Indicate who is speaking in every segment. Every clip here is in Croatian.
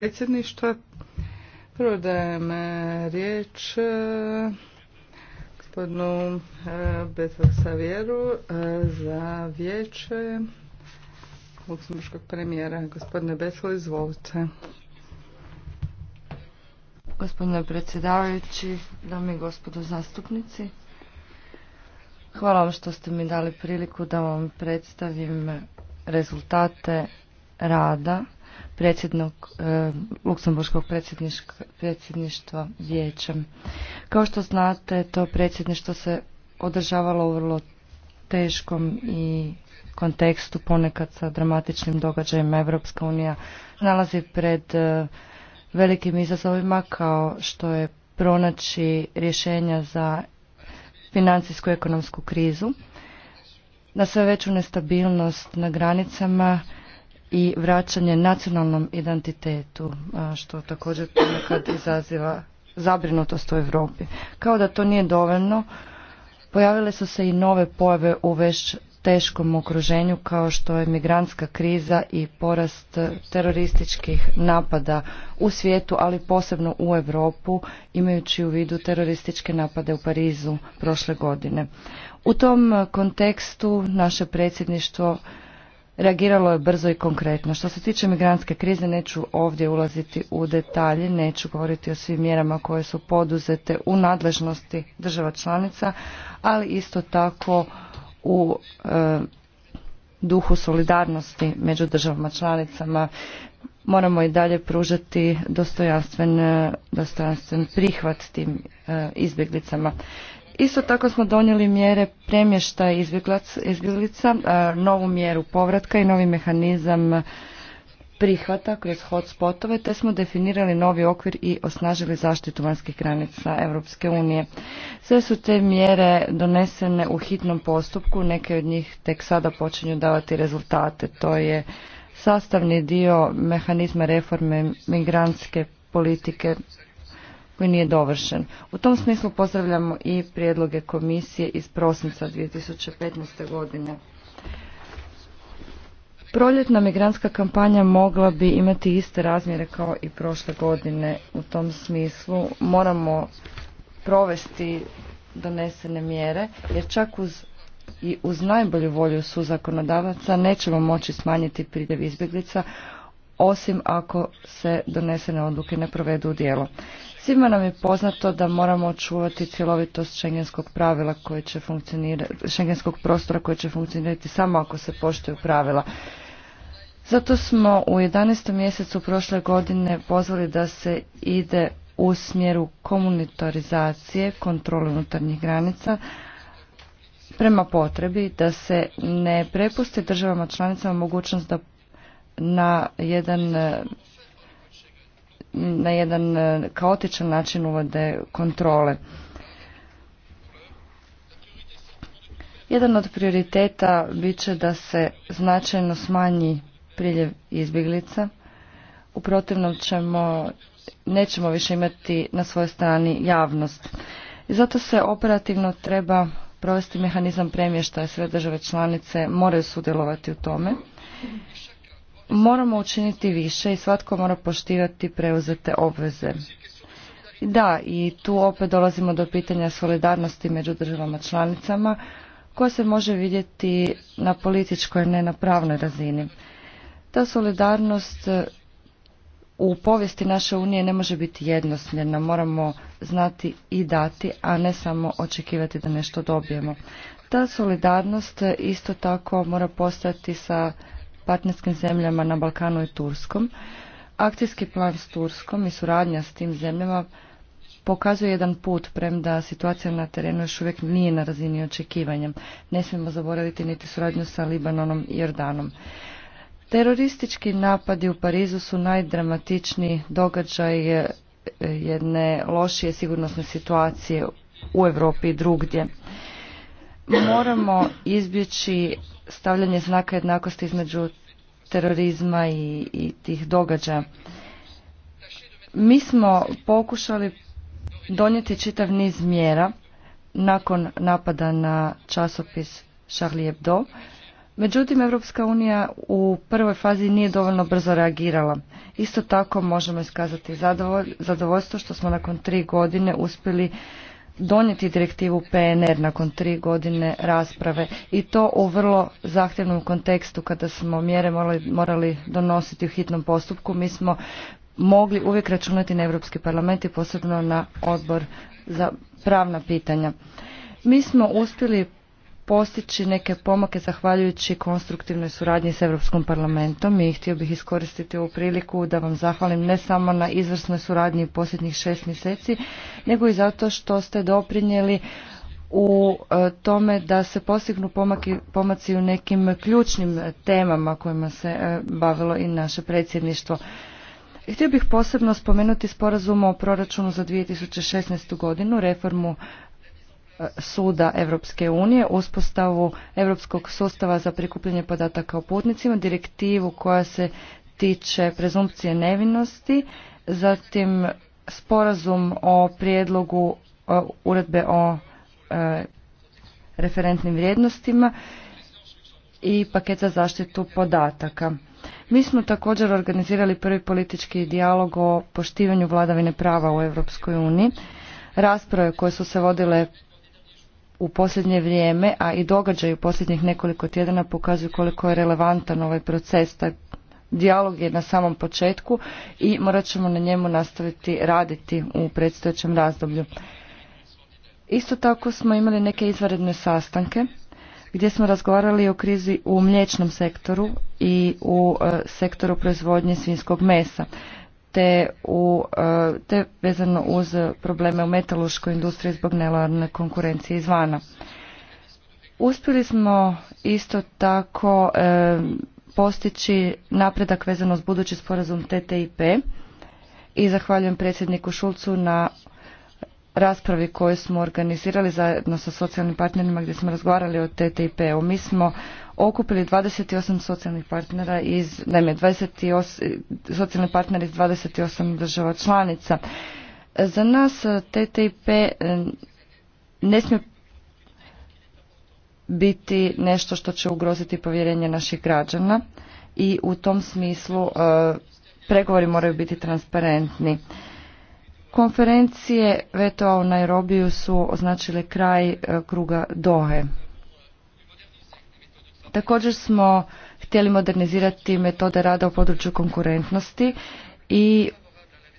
Speaker 1: predsjedništva. Prvo dajem e, riječ e, gospodinu e, Betel Savjeru za vijeće luksemburškog premijera. Gospodine Betel, izvolite.
Speaker 2: Gospodine predsjedavajući, dame i gospodo zastupnici, hvala vam što ste mi dali priliku da vam predstavim rezultate rada predsjednog, e, luksemburskog predsjedništva vijećem. Kao što znate, to predsjedništvo se održavalo u vrlo teškom i kontekstu, ponekad sa dramatičnim događajima. Evropska unija nalazi pred e, velikim izazovima kao što je pronaći rješenja za financijsku ekonomsku krizu, na sve veću nestabilnost na granicama i vraćanje nacionalnom identitetu, što također ponekad izaziva zabrinutost u Europi. Kao da to nije dovoljno, pojavile su se i nove pojave u već teškom okruženju kao što je migrantska kriza i porast terorističkih napada u svijetu, ali posebno u Europu, imajući u vidu terorističke napade u Parizu prošle godine. U tom kontekstu naše predsjedništvo reagiralo je brzo i konkretno. Što se tiče migrantske krize, neću ovdje ulaziti u detalje, neću govoriti o svim mjerama koje su poduzete u nadležnosti država članica, ali isto tako u e, duhu solidarnosti među državama članicama moramo i dalje pružati dostojanstven, e, dostojanstven prihvat tim e, izbjeglicama. Isto tako smo donijeli mjere premještaja izbjeglica, novu mjeru povratka i novi mehanizam prihvata kroz hotspotove, te smo definirali novi okvir i osnažili zaštitu vanjskih granica Europske unije. Sve su te mjere donesene u hitnom postupku, neke od njih tek sada počinju davati rezultate. To je sastavni dio mehanizma reforme migrantske politike koji nije dovršen. U tom smislu pozdravljamo i prijedloge komisije iz prosinca 2015. godine. Proljetna migrantska kampanja mogla bi imati iste razmjere kao i prošle godine. U tom smislu moramo provesti donesene mjere, jer čak uz i uz najbolju volju su zakonodavaca nećemo moći smanjiti priljev izbjeglica osim ako se donesene odluke ne provedu u djelo. Svima nam je poznato da moramo očuvati cjelovitost šengenskog pravila koje će funkcionirati, šengenskog prostora koje će funkcionirati samo ako se poštuju pravila. Zato smo u 11. mjesecu prošle godine pozvali da se ide u smjeru komunitarizacije, kontrole unutarnjih granica, prema potrebi da se ne prepusti državama članicama mogućnost da na jedan na jedan e, kaotičan način uvode kontrole. Jedan od prioriteta bit će da se značajno smanji priljev izbjeglica. U protivnom ćemo, nećemo više imati na svojoj strani javnost. I zato se operativno treba provesti mehanizam premještaja sve države članice moraju sudjelovati u tome moramo učiniti više i svatko mora poštivati preuzete obveze. Da, i tu opet dolazimo do pitanja solidarnosti među državama članicama, koja se može vidjeti na političkoj, ne na pravnoj razini. Ta solidarnost e, u povijesti naše unije ne može biti jednosmjerna. Moramo znati i dati, a ne samo očekivati da nešto dobijemo. Ta solidarnost e, isto tako mora postati sa partnerskim zemljama na Balkanu i Turskom. Akcijski plan s Turskom i suradnja s tim zemljama pokazuje jedan put, premda situacija na terenu još uvijek nije na razini očekivanja. Ne smijemo zaboraviti niti suradnju sa Libanonom i Jordanom. Teroristički napadi u Parizu su najdramatičniji događaj eh, jedne lošije sigurnosne situacije u Europi i drugdje moramo izbjeći stavljanje znaka jednakosti između terorizma i, i tih događaja. Mi smo pokušali donijeti čitav niz mjera nakon napada na časopis Charlie Hebdo. Međutim, Europska unija u prvoj fazi nije dovoljno brzo reagirala. Isto tako možemo iskazati zadovoljstvo što smo nakon tri godine uspjeli donijeti direktivu PNR nakon tri godine rasprave i to u vrlo zahtjevnom kontekstu kada smo mjere morali donositi u hitnom postupku. Mi smo mogli uvijek računati na Europski parlament i posebno na odbor za pravna pitanja. Mi smo uspjeli postići neke pomake zahvaljujući konstruktivnoj suradnji s Europskom parlamentom i htio bih iskoristiti ovu priliku da vam zahvalim ne samo na izvrsnoj suradnji u posljednjih šest mjeseci, nego i zato što ste doprinijeli u e, tome da se postignu pomaci u nekim ključnim temama kojima se e, bavilo i naše predsjedništvo. Htio bih posebno spomenuti sporazum o proračunu za 2016. godinu, reformu suda Europske unije, uspostavu Europskog sustava za prikupljanje podataka o putnicima, direktivu koja se tiče prezumpcije nevinosti, zatim sporazum o prijedlogu e, uredbe o e, referentnim vrijednostima i paket za zaštitu podataka. Mi smo također organizirali prvi politički dijalog o poštivanju vladavine prava u Europskoj uniji. Rasprave koje su se vodile u posljednje vrijeme, a i događaju posljednjih nekoliko tjedana pokazuju koliko je relevantan ovaj proces. Taj dijalog je na samom početku i morat ćemo na njemu nastaviti raditi u predstojećem razdoblju. Isto tako smo imali neke izvanredne sastanke gdje smo razgovarali o krizi u mliječnom sektoru i u e, sektoru proizvodnje svinskog mesa te, u, e, te vezano uz probleme u metaloškoj industriji zbog nelojalne konkurencije izvana. Uspjeli smo isto tako e, postići napredak vezano uz budući sporazum TTIP i zahvaljujem predsjedniku Šulcu na raspravi koju smo organizirali zajedno sa socijalnim partnerima gdje smo razgovarali o TTIP-u. Mi smo okupili 28 socijalnih partnera iz, naime, 28, socijalni partnera iz 28 država članica. Za nas TTIP eh, ne smije biti nešto što će ugroziti povjerenje naših građana i u tom smislu eh, pregovori moraju biti transparentni. Konferencije VTO u Nairobiju su označile kraj e, kruga Dohe. Također smo htjeli modernizirati metode rada u području konkurentnosti i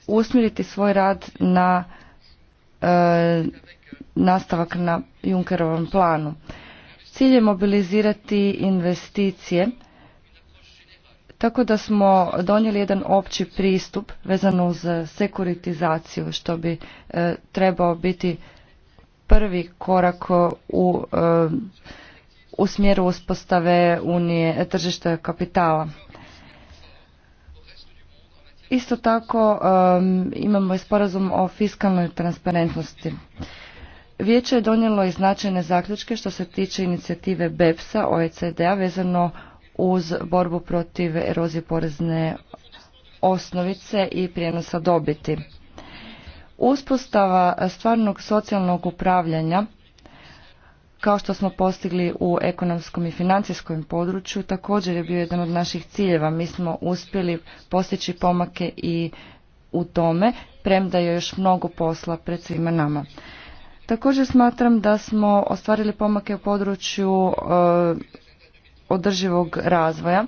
Speaker 2: usmjeriti svoj rad na e, nastavak na Junkerovom planu. Cilj je mobilizirati investicije tako da smo donijeli jedan opći pristup vezano uz e, sekuritizaciju što bi e, trebao biti prvi korak u, u e, smjeru uspostave unije tržišta kapitala. Isto tako imamo i sporazum o fiskalnoj transparentnosti. Vijeće je donijelo i značajne zaključke što se tiče inicijative BEPS-a OECD-a vezano uz borbu protiv erozije porezne osnovice i prijenosa dobiti. Uspostava stvarnog socijalnog upravljanja kao što smo postigli u ekonomskom i financijskom području također je bio jedan od naših ciljeva. Mi smo uspjeli postići pomake i u tome, premda je još mnogo posla pred svima nama. Također smatram da smo ostvarili pomake u području e, održivog razvoja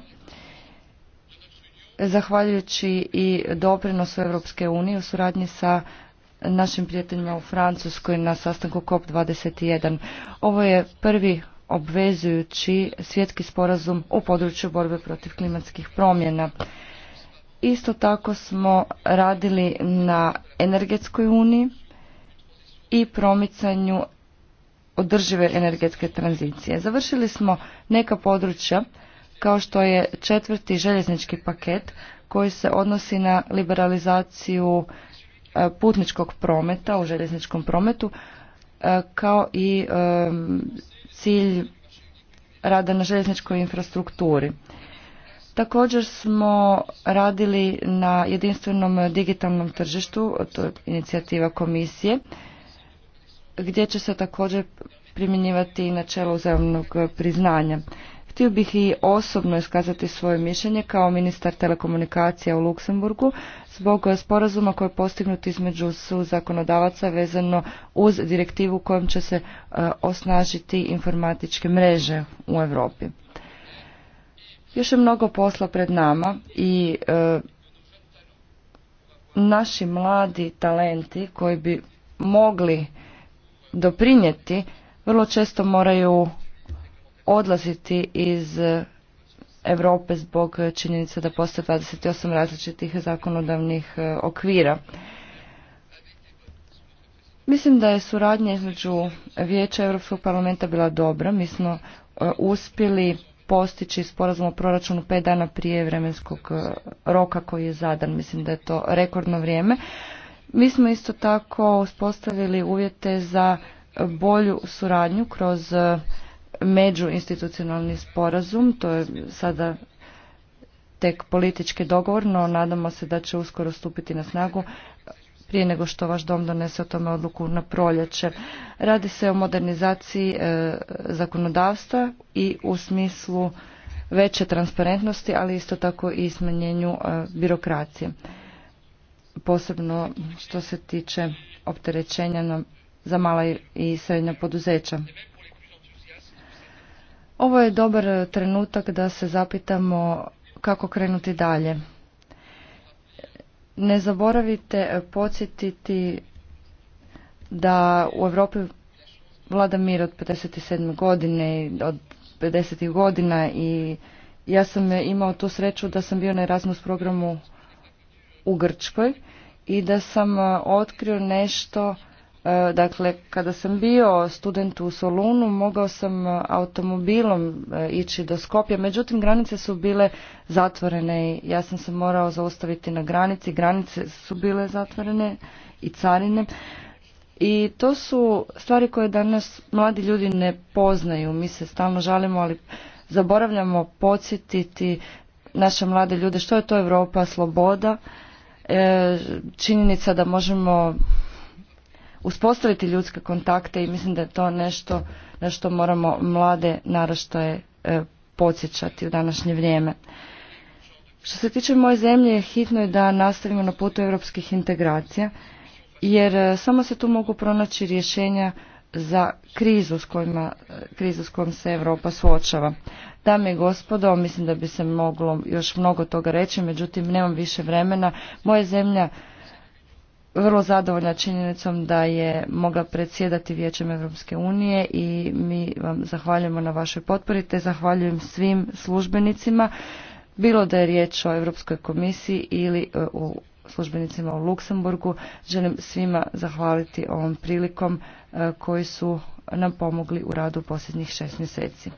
Speaker 2: zahvaljujući i doprinosu Europske unije u suradnji sa našim prijateljima u Francuskoj na sastanku COP21. Ovo je prvi obvezujući svjetski sporazum u području borbe protiv klimatskih promjena. Isto tako smo radili na energetskoj uniji i promicanju održive energetske tranzicije. Završili smo neka područja kao što je četvrti željeznički paket koji se odnosi na liberalizaciju e, putničkog prometa u željezničkom prometu e, kao i e, cilj rada na željezničkoj infrastrukturi. Također smo radili na jedinstvenom digitalnom tržištu, to je inicijativa komisije, gdje će se također primjenjivati načelo uzajamnog priznanja. Htio bih i osobno iskazati svoje mišljenje kao ministar telekomunikacija u Luksemburgu zbog sporazuma koji je postignut između su zakonodavaca vezano uz direktivu kojom će se e, osnažiti informatičke mreže u Europi. Još je mnogo posla pred nama i e, naši mladi talenti koji bi mogli doprinijeti vrlo često moraju odlaziti iz Europe zbog činjenice da postoje 28 različitih zakonodavnih e, okvira. Mislim da je suradnja između Vijeća Europskog parlamenta bila dobra. Mi smo e, uspjeli postići sporazum o proračunu pet dana prije vremenskog e, roka koji je zadan. Mislim da je to rekordno vrijeme. Mi smo isto tako uspostavili uvjete za bolju suradnju kroz e, međuinstitucionalni sporazum. To je sada tek politički dogovor, no nadamo se da će uskoro stupiti na snagu e, prije nego što vaš dom donese o tome odluku na proljeće. Radi se o modernizaciji e, zakonodavstva i u smislu veće transparentnosti, ali isto tako i smanjenju birokracije posebno što se tiče opterećenja za mala i srednja poduzeća. Ovo je dobar trenutak da se zapitamo kako krenuti dalje. Ne zaboravite podsjetiti da u Europi vlada mir od 57. godine i od 50. godina i ja sam imao tu sreću da sam bio na Erasmus programu u Grčkoj i da sam e, otkrio nešto e, Dakle, kada sam bio student u Solunu, mogao sam e, automobilom ići do Skopja, međutim granice su bile zatvorene i ja sam se morao zaustaviti na granici, granice su bile zatvorene i carine. I to su stvari koje danas mladi ljudi ne poznaju, mi se stalno žalimo, ali zaboravljamo podsjetiti naše mlade ljude što je to Europa sloboda, E, činjenica da možemo uspostaviti ljudske kontakte i mislim da je to nešto na što moramo mlade naraštaje e, podsjećati u današnje vrijeme. Što se tiče moje zemlje, hitno je da nastavimo na putu europskih integracija, jer e, samo se tu mogu pronaći rješenja za krizu s, kojima, krizu s kojom se Europa suočava. Dame i gospodo, mislim da bi se moglo još mnogo toga reći, međutim nemam više vremena. Moja zemlja vrlo zadovoljna činjenicom da je mogla predsjedati Vijećem Europske unije i mi vam zahvaljujemo na vašoj potpori te zahvaljujem svim službenicima bilo da je riječ o Europskoj komisiji ili e, u službenicima u Luksemburgu. Želim svima zahvaliti ovom prilikom e, koji su nam pomogli u radu posljednjih šest mjeseci.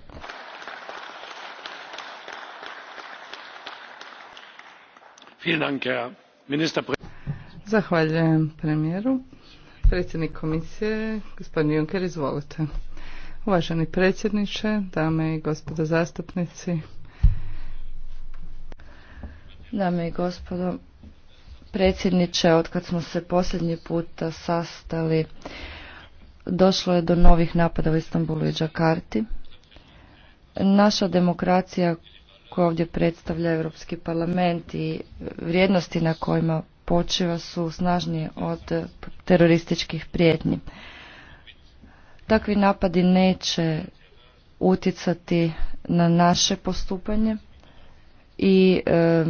Speaker 1: Zahvaljujem premijeru. Predsjednik komisije, gospodin Juncker, izvolite. Uvaženi predsjedniče, dame i gospodo zastupnici.
Speaker 2: Dame i gospodo, predsjedniče. Otkad smo se posljednji puta sastali, došlo je do novih napada u Istanbulu i Đakarti. Naša demokracija koja ovdje predstavlja Europski parlament i vrijednosti na kojima počiva su snažnije od terorističkih prijetnji. Takvi napadi neće utjecati na naše postupanje i e,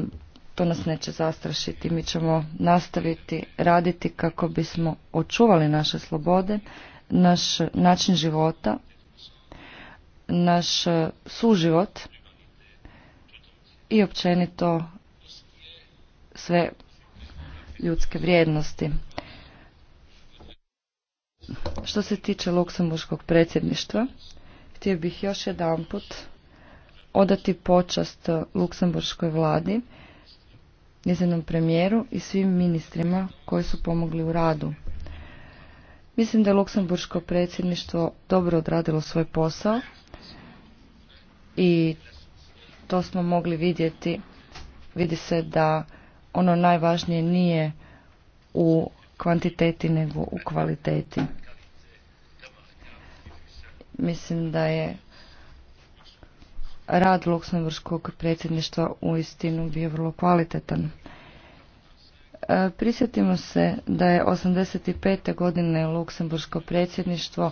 Speaker 2: to nas neće zastrašiti. Mi ćemo nastaviti raditi kako bismo očuvali naše slobode, naš način života, naš suživot i općenito sve ljudske vrijednosti. Što se tiče Luksemburškog predsjedništva, htio bih još jedanput odati počast Luksemburškoj vladi njezinom premijeru i svim ministrima koji su pomogli u radu. Mislim da je Luksemburško predsjedništvo dobro odradilo svoj posao i to smo mogli vidjeti. Vidi se da ono najvažnije nije u kvantiteti nego u kvaliteti. Mislim da je rad luksemburskog predsjedništva uistinu bio vrlo kvalitetan. E, prisjetimo se da je 85. godine luksembursko predsjedništvo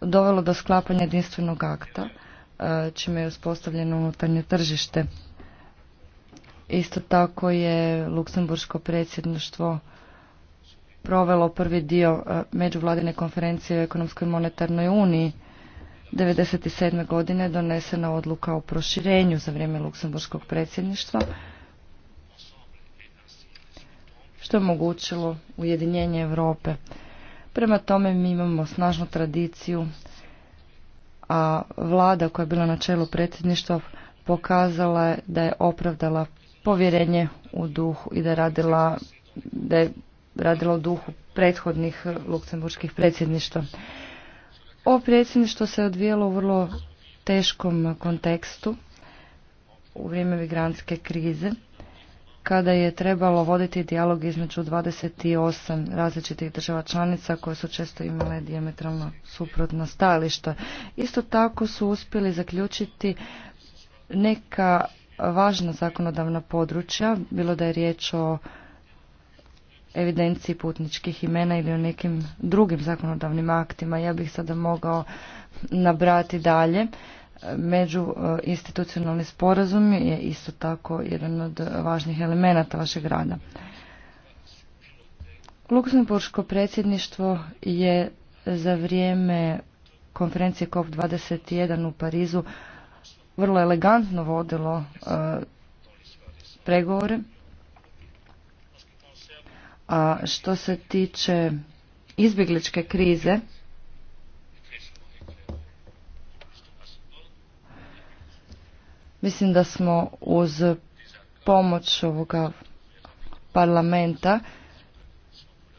Speaker 2: dovelo do sklapanja jedinstvenog akta, e, čime je uspostavljeno unutarnje tržište. Isto tako je luksemburško predsjedništvo provelo prvi dio e, međuvladine konferencije o ekonomskoj monetarnoj uniji, 1997. godine donesena odluka o proširenju za vrijeme luksemburskog predsjedništva, što je omogućilo ujedinjenje Europe. Prema tome mi imamo snažnu tradiciju, a vlada koja je bila na čelu predsjedništva pokazala je da je opravdala povjerenje u duhu i da je radila, da je radila u duhu prethodnih luksemburških predsjedništva. Ovo predsjedništvo se odvijelo u vrlo teškom kontekstu u vrijeme migrantske krize kada je trebalo voditi dijalog između 28 različitih država članica koje su često imale diametralno suprotna stajališta. Isto tako su uspjeli zaključiti neka važna zakonodavna područja, bilo da je riječ o evidenciji putničkih imena ili o nekim drugim zakonodavnim aktima. Ja bih sada mogao nabrati dalje. Među e, institucionalni sporazum je isto tako jedan od važnih elemenata vašeg rada. Luksemburško predsjedništvo je za vrijeme konferencije COP21 u Parizu vrlo elegantno vodilo e, pregovore a što se tiče izbjegličke krize, mislim da smo uz pomoć ovoga parlamenta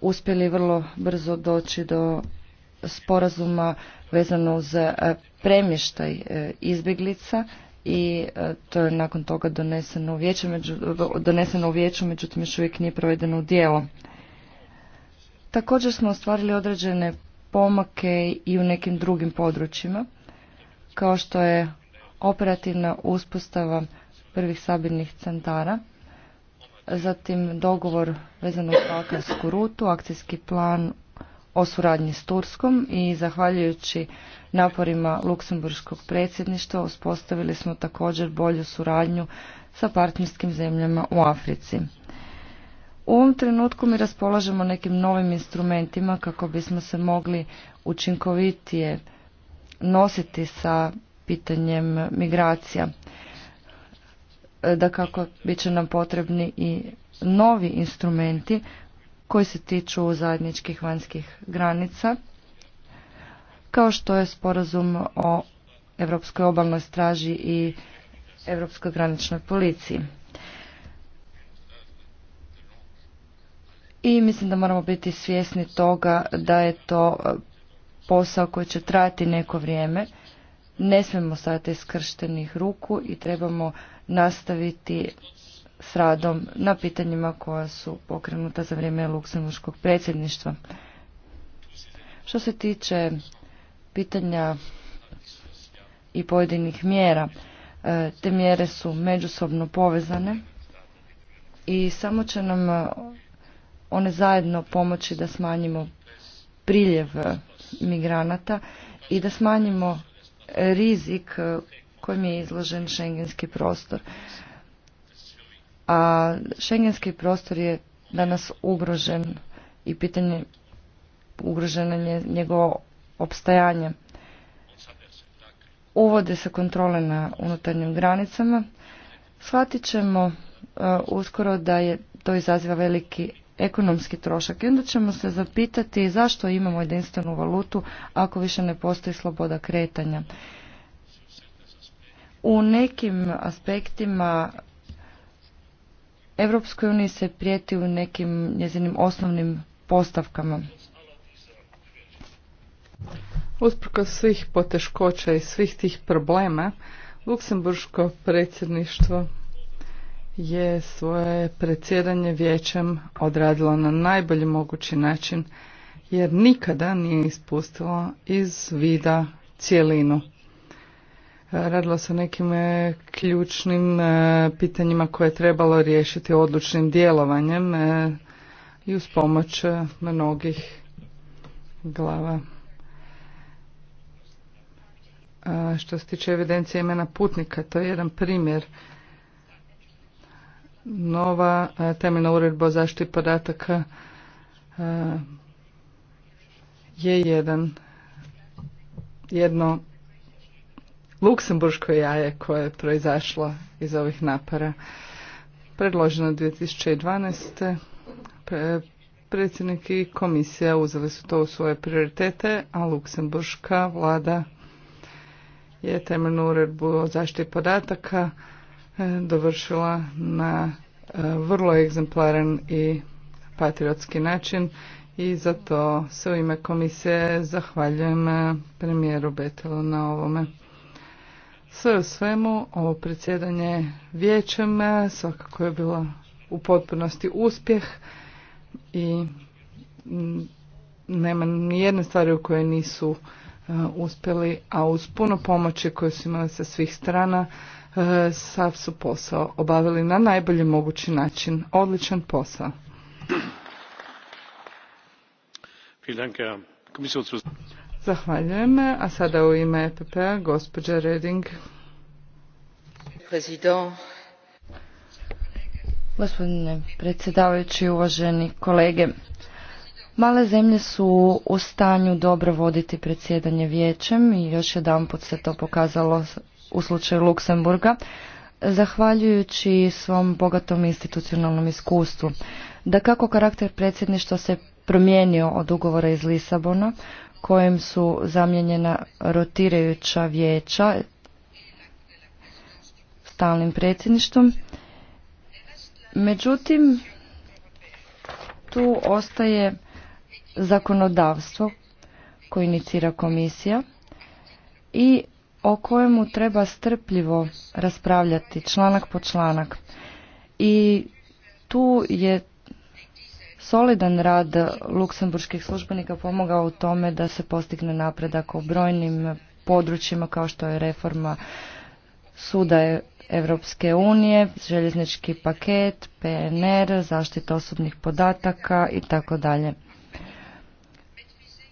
Speaker 2: uspjeli vrlo brzo doći do sporazuma vezano uz e, premještaj e, izbjeglica i e, to je nakon toga doneseno u vijeću, doneseno u vijeću međutim još uvijek nije provedeno u djelo. Također smo ostvarili određene pomake i u nekim drugim područjima, kao što je operativna uspostava prvih sabirnih centara, zatim dogovor vezano uz Balkansku rutu, akcijski plan o suradnji s Turskom i zahvaljujući Naporima Luksemburškog predsjedništva uspostavili smo također bolju suradnju sa partnerskim zemljama u Africi. U ovom trenutku mi raspolažemo nekim novim instrumentima kako bismo se mogli učinkovitije nositi sa pitanjem migracija. E, da kako bit će nam potrebni i novi instrumenti koji se tiču zajedničkih vanjskih granica kao što je sporazum o Europskoj obalnoj straži i Europskoj graničnoj policiji. I mislim da moramo biti svjesni toga da je to e, posao koji će trajati neko vrijeme. Ne smijemo stajati skrštenih ruku i trebamo nastaviti s radom na pitanjima koja su pokrenuta za vrijeme luksemburškog predsjedništva. Što se tiče pitanja i pojedinih mjera. E, te mjere su međusobno povezane i samo će nam e, one zajedno pomoći da smanjimo priljev e, migranata i da smanjimo rizik kojim je izložen šengenski prostor. A šengenski prostor je danas ugrožen i pitanje ugrožena njegova opstajanje. Uvode se kontrole na unutarnjim granicama. Shvatit ćemo e, uskoro da je to izaziva veliki ekonomski trošak. I onda ćemo se zapitati zašto imamo jedinstvenu valutu ako više ne postoji sloboda kretanja. U nekim aspektima Europskoj uniji se prijeti u nekim njezinim osnovnim
Speaker 1: postavkama. Usprko svih poteškoća i svih tih problema, Luksemburško predsjedništvo je svoje predsjedanje vijećem odradilo na najbolji mogući način jer nikada nije ispustilo iz vida cijelinu Radilo se o nekim e, ključnim e, pitanjima koje je trebalo riješiti odlučnim djelovanjem e, i uz pomoć mnogih glava što se tiče evidencije imena putnika, to je jedan primjer. Nova temeljna uredba o zaštiti podataka je jedan jedno luksemburško jaje koje je proizašlo iz ovih napara. Predloženo 2012. Predsjednik i komisija uzeli su to u svoje prioritete, a luksemburška vlada je temeljnu uredbu o zaštiti podataka e, dovršila na e, vrlo egzemplaran i patriotski način i zato se u ime komisije zahvaljujem e, premijeru Betelu na ovome. Sve u svemu, ovo predsjedanje vijećem svakako je bilo u potpunosti uspjeh i nema jedne stvari u kojoj nisu Uh, uspjeli, a uz puno pomoći koju su imali sa svih strana, uh, sav su posao obavili na najbolji mogući način. Odličan posao. Zahvaljujem. A sada u ime EPP-a gospođa Reding.
Speaker 2: Gospodine predsjedavajući, uvaženi kolege, Male zemlje su u stanju dobro voditi predsjedanje vijećem i još jedan put se to pokazalo u slučaju Luksemburga, zahvaljujući svom bogatom institucionalnom iskustvu. Da kako karakter predsjedništva se promijenio od ugovora iz Lisabona, kojim su zamijenjena rotirajuća vijeća stalnim predsjedništvom. Međutim, tu ostaje zakonodavstvo koje inicira komisija i o kojemu treba strpljivo raspravljati članak po članak. I tu je solidan rad luksemburških službenika pomogao u tome da se postigne napredak u brojnim područjima kao što je reforma suda Europske unije, željeznički paket, PNR, zaštita osobnih podataka i tako dalje.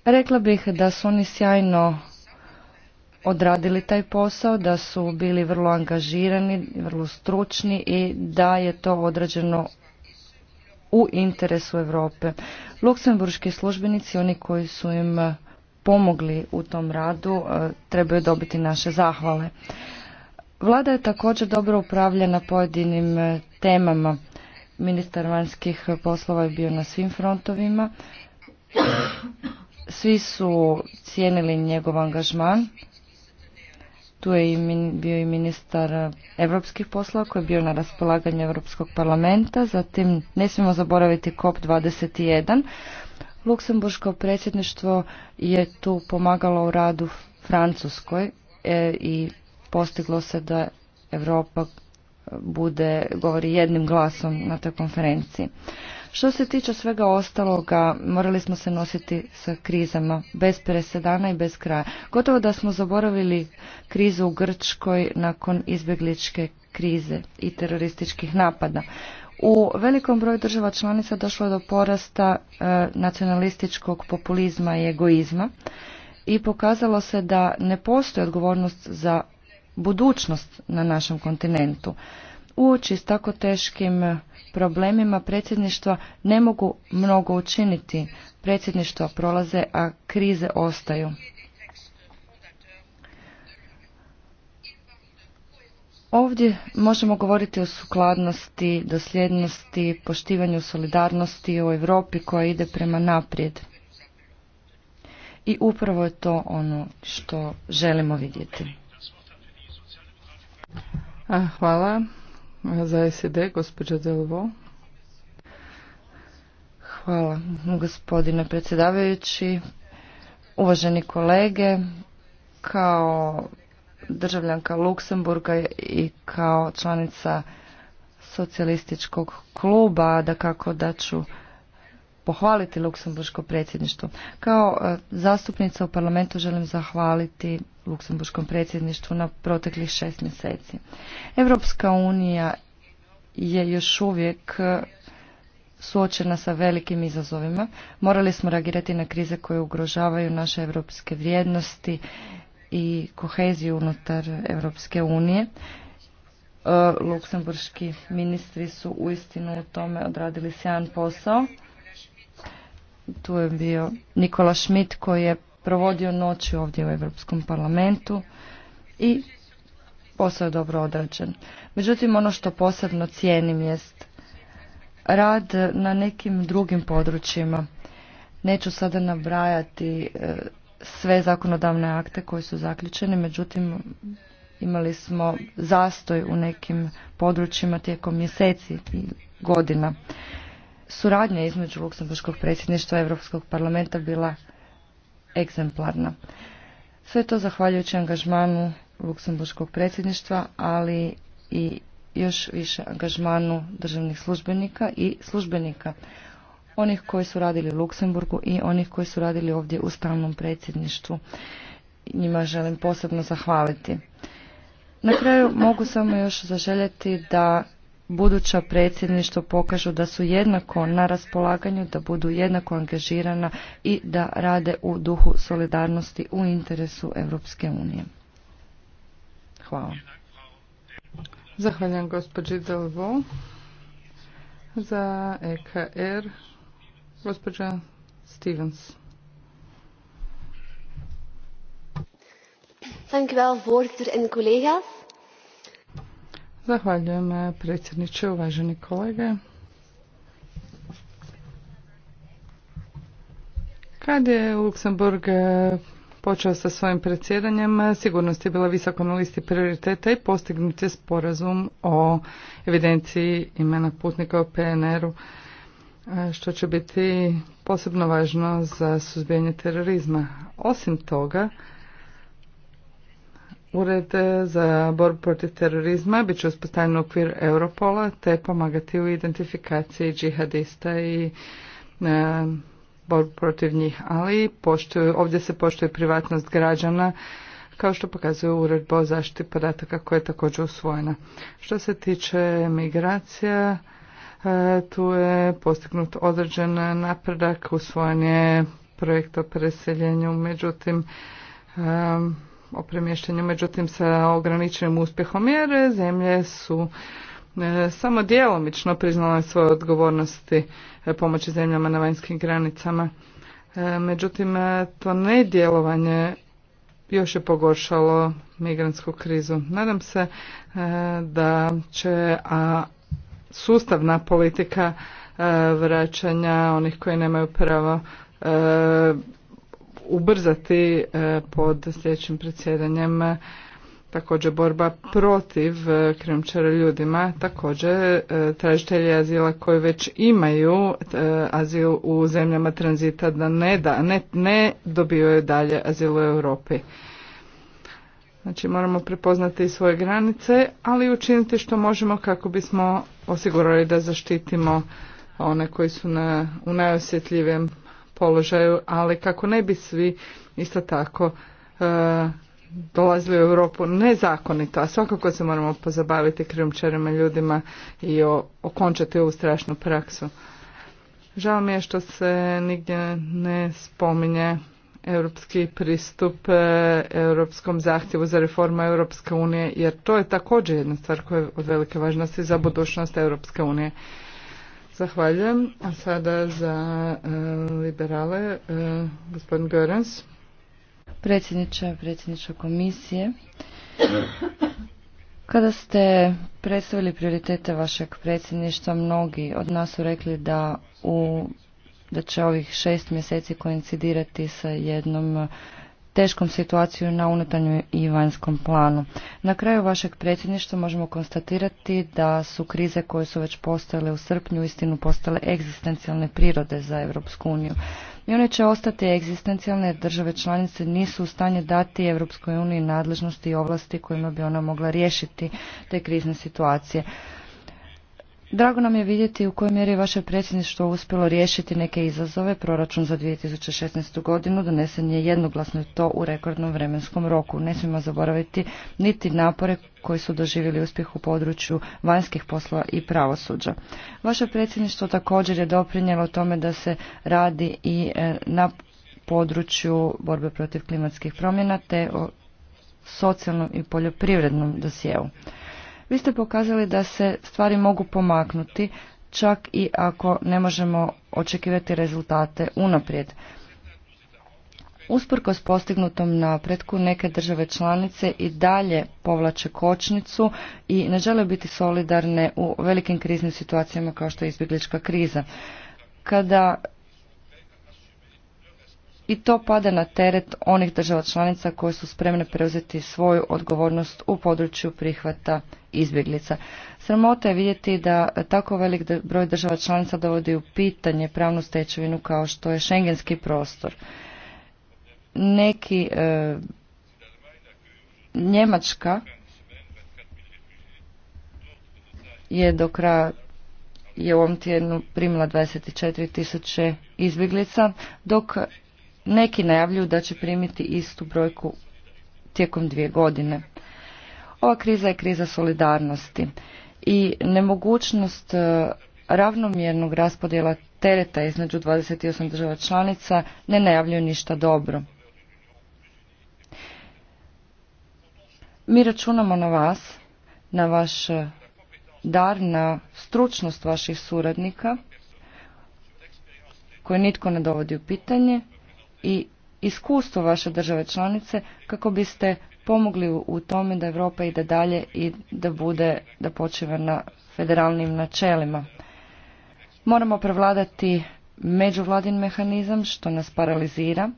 Speaker 2: Rekla bih da su oni sjajno odradili taj posao, da su bili vrlo angažirani, vrlo stručni i da je to odrađeno u interesu Europe. Luksemburški službenici, oni koji su im pomogli u tom radu, e, trebaju dobiti naše zahvale. Vlada je također dobro upravljena pojedinim e, temama. Ministar vanjskih poslova je bio na svim frontovima. Svi su cijenili njegov angažman. Tu je bio i ministar europskih poslova koji je bio na raspolaganju Europskog parlamenta. Zatim ne smijemo zaboraviti COP21. Luksemburško predsjedništvo je tu pomagalo u radu Francuskoj e, i postiglo se da Europa bude, govori jednim glasom na toj konferenciji. Što se tiče svega ostaloga, morali smo se nositi sa krizama, bez presedana i bez kraja. Gotovo da smo zaboravili krizu u Grčkoj nakon izbjegličke krize i terorističkih napada. U velikom broju država članica došlo je do porasta e, nacionalističkog populizma i egoizma i pokazalo se da ne postoji odgovornost za budućnost na našem kontinentu uoči s tako teškim problemima predsjedništva ne mogu mnogo učiniti. Predsjedništva prolaze, a krize ostaju. Ovdje možemo govoriti o sukladnosti, dosljednosti, poštivanju solidarnosti, u Europi koja ide prema naprijed. I upravo je to ono što
Speaker 1: želimo vidjeti. Hvala za SED, gospođa Delvo. Hvala,
Speaker 2: gospodine predsjedavajući. Uvaženi kolege, kao državljanka Luksemburga i kao članica socijalističkog kluba, da kako da ću pohvaliti Luksemburško predsjedništvo. Kao e, zastupnica u parlamentu želim zahvaliti Luksemburškom predsjedništvu na proteklih šest mjeseci. Europska unija je još uvijek e, suočena sa velikim izazovima. Morali smo reagirati na krize koje ugrožavaju naše europske vrijednosti i koheziju unutar Europske unije. E, Luksemburški ministri su uistinu u tome odradili sjajan posao tu je bio Nikola Schmidt koji je provodio noći ovdje u Europskom parlamentu i posao je dobro odrađen. Međutim, ono što posebno cijenim jest rad na nekim drugim područjima. Neću sada nabrajati e, sve zakonodavne akte koji su zaključeni, međutim imali smo zastoj u nekim područjima tijekom mjeseci i godina suradnja između Luksemburškog predsjedništva i Europskog parlamenta bila egzemplarna. Sve to zahvaljujući angažmanu Luksemburškog predsjedništva, ali i još više angažmanu državnih službenika i službenika, onih koji su radili u Luksemburgu i onih koji su radili ovdje u stalnom predsjedništvu. Njima želim posebno zahvaliti. Na kraju mogu samo još zaželjeti da buduća predsjedništva pokažu da su jednako na raspolaganju, da budu jednako angažirana i da rade u duhu solidarnosti u interesu Europske
Speaker 1: unije. Hvala. Zahvaljam gospođi Delvo. Za EKR gospođa Stevens.
Speaker 3: Dank u wel, voorzitter en collega's.
Speaker 1: Zahvaljujem eh, predsjedniče, uvaženi kolege. Kad je Luksemburg eh, počeo sa svojim predsjedanjem, eh, sigurnost je bila visoko na listi prioriteta i postignut je sporazum o evidenciji imena putnika u PNR-u, što će biti posebno važno za suzbijanje terorizma. Osim toga, Ured e, za borbu protiv terorizma bit će uspostavljen u okvir Europola te pomagati u identifikaciji džihadista i e, borbu protiv njih, ali ovdje se poštuje privatnost građana kao što pokazuje uredba o zaštiti podataka koja je također usvojena. Što se tiče migracija, e, tu je postignut određen napredak, usvojen je projekt o preseljenju, međutim, e, o premještanju, međutim sa ograničenim uspjehom mjere, zemlje su e, samo djelomično priznale svoje odgovornosti e, pomoći zemljama na vanjskim granicama. E, međutim, to nedjelovanje još je pogoršalo migrantsku krizu. Nadam se da će a sustavna politika vraćanja onih koji nemaju pravo ubrzati e, pod sljedećim predsjedanjem također borba protiv e, krijumčara ljudima, također e, tražitelji azila koji već imaju azil u zemljama tranzita da ne da, ne, ne dobivaju dalje azil u Europi. Znači moramo prepoznati svoje granice, ali učiniti što možemo kako bismo osigurali da zaštitimo one koji su na, u najosjetljivijem položaju, ali kako ne bi svi isto tako e, dolazili u Europu nezakonito, a svakako se moramo pozabaviti krijumčarima ljudima i o, okončati ovu strašnu praksu. Žao mi je što se nigdje ne spominje europski pristup e, europskom zahtjevu za reformu Europske unije, jer to je također jedna stvar koja je od velike važnosti za budućnost Europske unije. Zahvaljujem. A sada za e, liberale, e, gospodin Görans. Predsjedniče, predsjedniče
Speaker 2: komisije, kada ste predstavili prioritete vašeg predsjedništva, mnogi od nas su rekli da, u, da će ovih šest mjeseci koincidirati sa jednom teškom situaciju na unutarnjem i vanjskom planu. Na kraju vašeg predsjedništva možemo konstatirati da su krize koje su već postojale u srpnju istinu postale egzistencijalne prirode za Europsku uniju. I one će ostati egzistencijalne jer države članice nisu u stanju dati Europskoj uniji nadležnosti i ovlasti kojima bi ona mogla riješiti te krizne situacije. Drago nam je vidjeti u kojoj mjeri je vaše predsjedništvo uspjelo riješiti neke izazove. Proračun za 2016. godinu donesen je jednoglasno to u rekordnom vremenskom roku. Ne smijemo zaboraviti niti napore koji su doživjeli uspjeh u području vanjskih poslova i pravosuđa. Vaše predsjedništvo također je doprinjelo tome da se radi i e, na području borbe protiv klimatskih promjena te o socijalnom i poljoprivrednom dosjeu. Vi ste pokazali da se stvari mogu pomaknuti, čak i ako ne možemo očekivati rezultate unaprijed. Usprkos postignutom napretku neke države članice i dalje povlače kočnicu i ne žele biti solidarne u velikim kriznim situacijama kao što je izbjeglička kriza. Kada i to pada na teret onih država članica koje su spremne preuzeti svoju odgovornost u području prihvata izbjeglica. Sramota je vidjeti da tako velik broj država članica dovodi u pitanje pravnu stečevinu kao što je šengenski prostor. Neki e, Njemačka je do kraja je u ovom tjednu primila 24 tisuće izbjeglica, dok neki najavljuju da će primiti istu brojku tijekom dvije godine. Ova kriza je kriza solidarnosti i nemogućnost e, ravnomjernog raspodjela tereta između 28 država članica ne najavljuje ništa dobro. Mi računamo na vas, na vaš dar, na stručnost vaših suradnika, koje nitko ne dovodi u pitanje, i iskustvo vaše države članice kako biste pomogli u tome da Europa ide dalje i da bude, da počiva na federalnim načelima. Moramo prevladati međuvladin mehanizam što nas paralizira.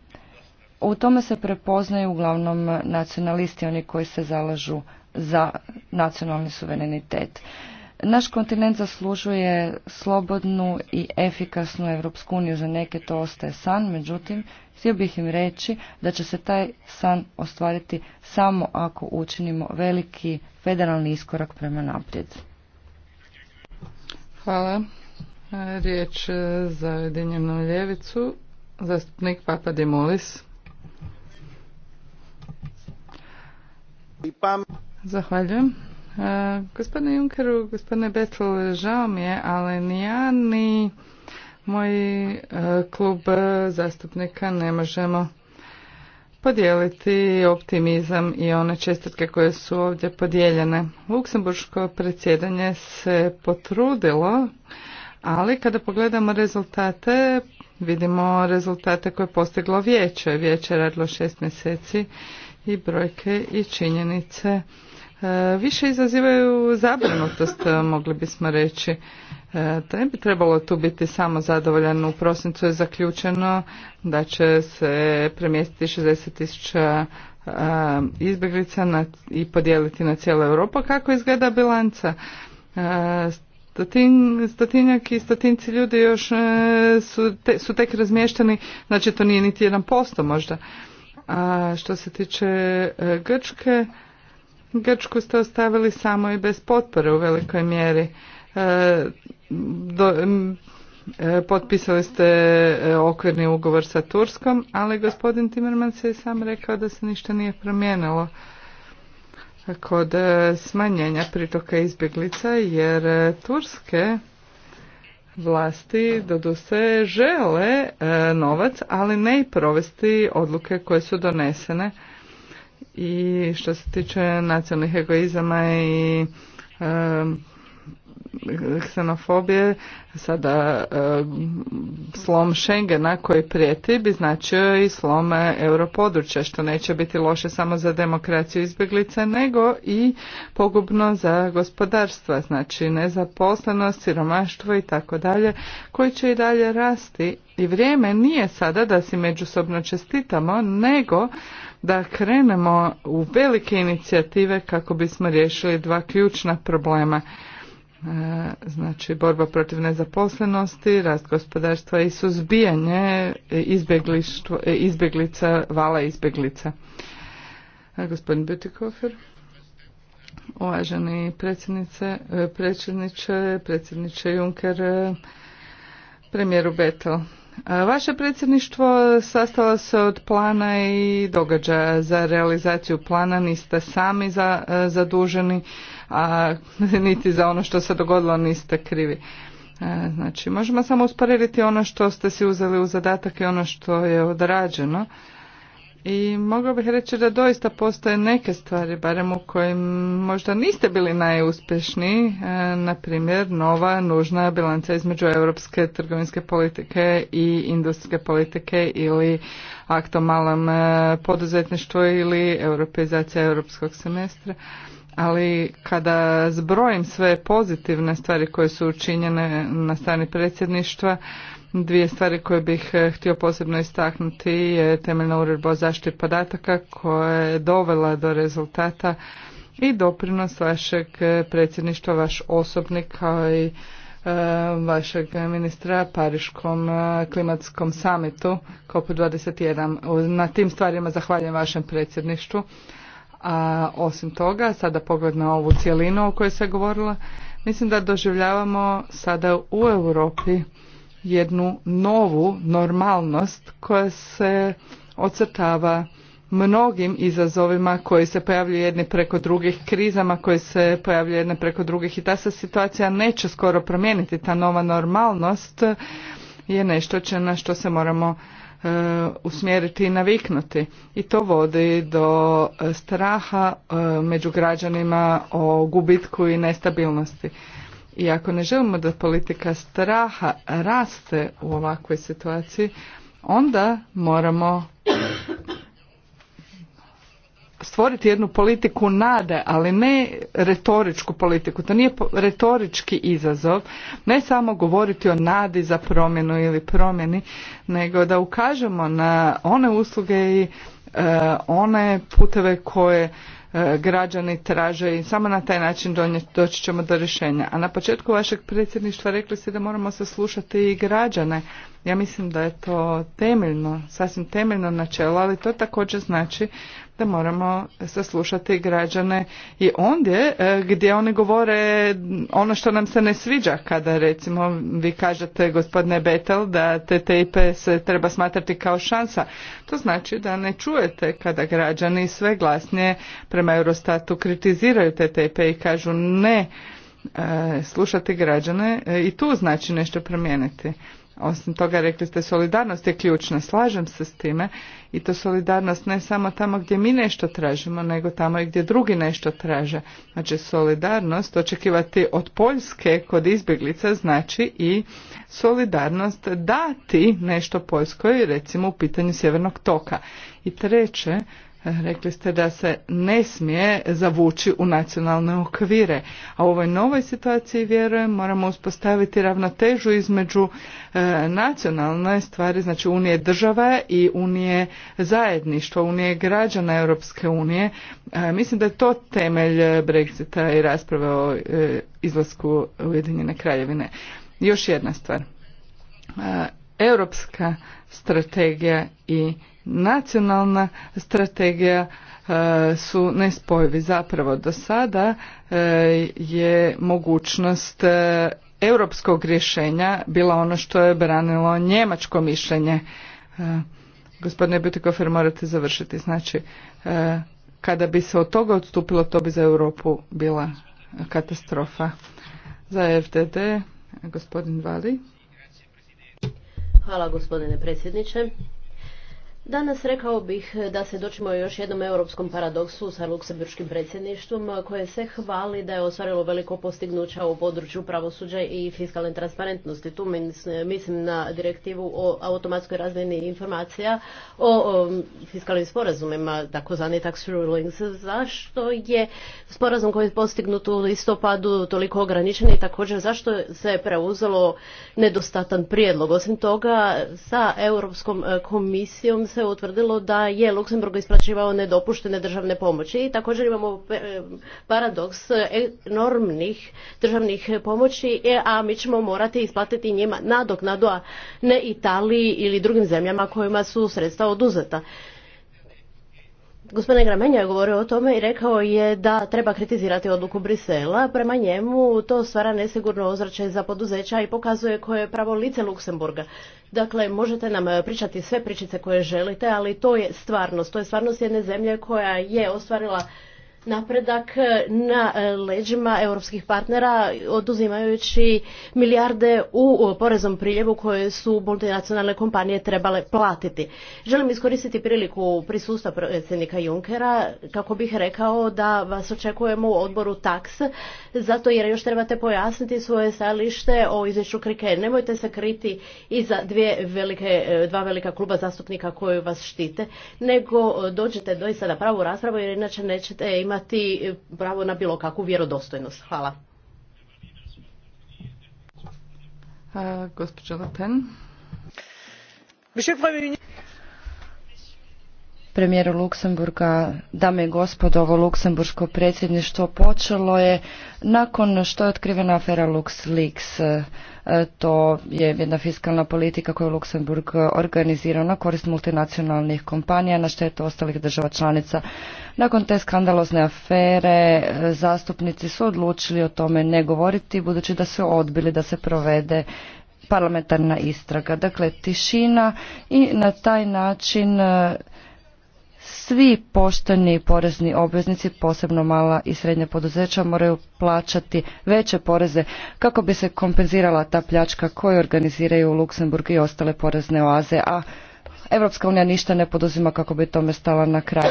Speaker 2: U tome se prepoznaju uglavnom nacionalisti, oni koji se zalažu za nacionalni suverenitet. Naš kontinent zaslužuje slobodnu i efikasnu Europsku uniju. Za neke to ostaje san, međutim, htio bih im reći da će se taj san ostvariti samo ako učinimo veliki federalni iskorak prema naprijed.
Speaker 1: Hvala. Riječ e, za Ujedinjenu ljevicu. Zastupnik Papa Dimulis. Zahvaljujem. E, gospodine Junkeru, gospodine Betel, žao mi je, ali ni ja ni moj e, klub zastupnika ne možemo podijeliti optimizam i one čestitke koje su ovdje podijeljene. Luksemburško predsjedanje se potrudilo, ali kada pogledamo rezultate, vidimo rezultate koje je postiglo vijeće. Vijeće je radilo šest mjeseci i brojke i činjenice E, više izazivaju zabrinutost, e, mogli bismo reći. To ne bi trebalo tu biti samo zadovoljan. U prosincu je zaključeno da će se premjestiti 60 tisuća e, izbjeglica i podijeliti na cijelu Europu. Kako izgleda bilanca? Stotin, i statinci ljudi još su, su tek razmješteni, znači to nije niti posto možda. A što se tiče Grčke, Grčku ste ostavili samo i bez potpore u velikoj mjeri. E, do, e, potpisali ste e, okvirni ugovor sa Turskom, ali gospodin se je sam rekao da se ništa nije promijenilo kod e, smanjenja pritoka izbjeglica jer turske vlasti doduse žele novac, ali ne i provesti odluke koje su donesene i što se tiče nacionalnih egoizama i e, ksenofobije, sada e, slom Schengena koji prijeti bi značio i slome europodručja, što neće biti loše samo za demokraciju izbjeglica, nego i pogubno za gospodarstva, znači nezaposlenost, siromaštvo i tako dalje, koji će i dalje rasti. I vrijeme nije sada da si međusobno čestitamo, nego da krenemo u velike inicijative kako bismo riješili dva ključna problema E, znači borba protiv nezaposlenosti, rast gospodarstva i suzbijanje e, izbjeglica, vala izbjeglica. E, gospodin Butikofer. Uvaženi predsjednice, predsjedniče, predsjedniče Juncker, premijeru Betel. Vaše predsjedništvo sastalo se od plana i događaja za realizaciju plana, niste sami za, zaduženi a niti za ono što se dogodilo niste krivi. E, znači, možemo samo usporediti ono što ste si uzeli u zadatak i ono što je odrađeno. I mogao bih reći da doista postoje neke stvari, barem u kojim možda niste bili najuspješniji, e, na primjer nova nužna bilanca između europske trgovinske politike i industrijske politike ili akt o malom e, poduzetništvu ili europeizacija europskog semestra ali kada zbrojim sve pozitivne stvari koje su učinjene na strani predsjedništva, dvije stvari koje bih eh, htio posebno istaknuti je temeljna uredba o zaštiti podataka koja je dovela do rezultata i doprinos vašeg eh, predsjedništva, vaš osobni kao i eh, vašeg ministra Pariškom klimatskom samitu COP21. Na tim stvarima zahvaljujem vašem predsjedništvu. A osim toga, sada pogled na ovu cjelinu o kojoj se govorila, mislim da doživljavamo sada u Europi jednu novu normalnost koja se ocrtava mnogim izazovima koji se pojavljuju jedni preko drugih, krizama koji se pojavljuju jedne preko drugih i ta se situacija neće skoro promijeniti. Ta nova normalnost je nešto na što se moramo E, usmjeriti i naviknuti i to vodi do e, straha e, među građanima o gubitku i nestabilnosti. I ako ne želimo da politika straha raste u ovakvoj situaciji, onda moramo stvoriti jednu politiku nade, ali ne retoričku politiku. To nije retorički izazov. Ne samo govoriti o nadi za promjenu ili promjeni, nego da ukažemo na one usluge i e, one puteve koje e, građani traže i samo na taj način doći ćemo do rješenja. A na početku vašeg predsjedništva rekli ste da moramo saslušati i građane. Ja mislim da je to temeljno, sasvim temeljno načelo, ali to također znači da moramo saslušati građane i ondje e, gdje oni govore ono što nam se ne sviđa kada recimo vi kažete gospodine Betel da TTIP se treba smatrati kao šansa. To znači da ne čujete kada građani sve glasnije prema Eurostatu kritiziraju TTIP i kažu ne e, slušati građane e, i tu znači nešto promijeniti. Osim toga, rekli ste, solidarnost je ključna. Slažem se s time i to solidarnost ne samo tamo gdje mi nešto tražimo, nego tamo i gdje drugi nešto traže. Znači, solidarnost očekivati od Poljske kod izbjeglica znači i solidarnost dati nešto Poljskoj, recimo u pitanju Sjevernog toka. I treće, Rekli ste da se ne smije zavući u nacionalne okvire, a u ovoj novoj situaciji vjerujem moramo uspostaviti ravnotežu između e, nacionalne stvari, znači unije država i unije zajedništva, unije građana Europske unije. E, mislim da je to temelj Brexita i rasprave o e, izlasku Ujedinjene kraljevine. Još jedna stvar. Europska strategija i nacionalna strategija e, su nespojivi. Zapravo do sada e, je mogućnost e, europskog rješenja bila ono što je branilo njemačko mišljenje. Gospodine Butikofer, morate završiti. Znači, kada bi se od toga odstupilo, to bi za Europu bila katastrofa. Za FDD, gospodin Vali.
Speaker 3: Hvala gospodine predsjedniče. Danas rekao bih da se dočimo još jednom europskom paradoksu sa luksemburškim predsjedništvom koje se hvali da je ostvarilo veliko postignuća u području pravosuđa i fiskalne transparentnosti. Tu mislim na direktivu o automatskoj razmjeni informacija o fiskalnim sporazumima, takozvani tax rulings. Zašto je sporazum koji je postignut u listopadu toliko ograničen i također zašto se preuzelo nedostatan prijedlog? Osim toga, sa Europskom e, komisijom se se utvrdilo da je Luksemburg isplaćivao nedopuštene državne pomoći. I također imamo e, paradoks enormnih državnih pomoći, e, a mi ćemo morati isplatiti njima nadoknadu, a ne Italiji ili drugim zemljama kojima su sredstva oduzeta. Gospodin Gramenja je govorio o tome i rekao je da treba kritizirati odluku Brisela. Prema njemu to stvara nesigurno ozračje za poduzeća i pokazuje koje je pravo lice Luksemburga. Dakle, možete nam e, pričati sve pričice koje želite, ali to je stvarnost. To je stvarnost jedne zemlje koja je ostvarila napredak eh, na eh, leđima europskih partnera oduzimajući milijarde u poreznom priljevu koje su multinacionalne kompanije trebale platiti. Želim iskoristiti priliku prisustva predsjednika Junckera kako bih rekao da vas očekujemo u odboru taks zato jer još trebate pojasniti svoje stajalište o izvješću Krike. Nemojte se kriti iza dvije velike, eh, dva velika kluba zastupnika koji vas štite, nego dođite doista na pravu raspravu jer inače nećete imati imati eh, pravo na bilo kakvu vjerodostojnost. Hvala. A, eh, gospođa
Speaker 2: premijeru Luksemburga, dame i gospodo, ovo luksemburško predsjedništvo počelo je nakon što je otkrivena afera LuxLeaks. E, to je jedna fiskalna politika koju je Luksemburg organizirao na korist multinacionalnih kompanija na štetu ostalih država članica. Nakon te skandalozne afere e, zastupnici su odlučili o tome ne govoriti budući da su odbili da se provede parlamentarna istraga. Dakle, tišina i na taj način e, svi pošteni porezni obveznici, posebno mala i srednja poduzeća, moraju plaćati veće poreze kako bi se kompenzirala ta pljačka koju organiziraju Luksemburg i ostale porezne oaze, a Europska unija ništa ne poduzima kako bi tome stala na kraj.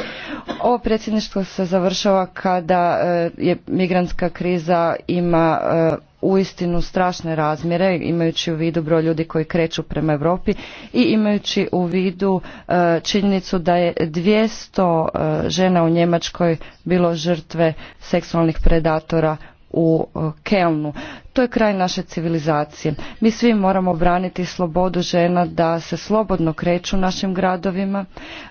Speaker 2: Ovo predsjedništvo se završava kada e, je migrantska kriza ima e, uistinu strašne razmjere imajući u vidu broj ljudi koji kreću prema Europi i imajući u vidu e, činjenicu da je 200 e, žena u Njemačkoj bilo žrtve seksualnih predatora u e, Kelnu. To je kraj naše civilizacije. Mi svi moramo braniti slobodu žena da se slobodno kreću našim gradovima.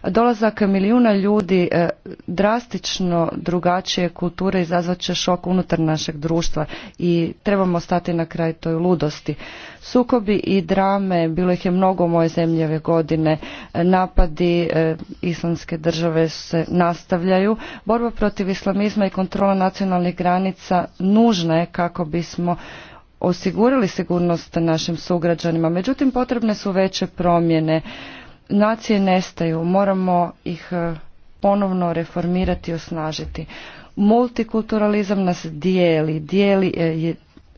Speaker 2: Dolazak milijuna ljudi e, drastično drugačije kulture izazvat će šok unutar našeg društva i trebamo stati na kraj toj ludosti. Sukobi i drame, bilo ih je mnogo u moje zemljeve godine, e, napadi e, islamske države se nastavljaju. Borba protiv islamizma i kontrola nacionalnih granica nužna je kako bismo osigurali sigurnost našim sugrađanima. Međutim, potrebne su veće promjene. Nacije nestaju, moramo ih e, ponovno reformirati i osnažiti. Multikulturalizam nas dijeli, dijeli e,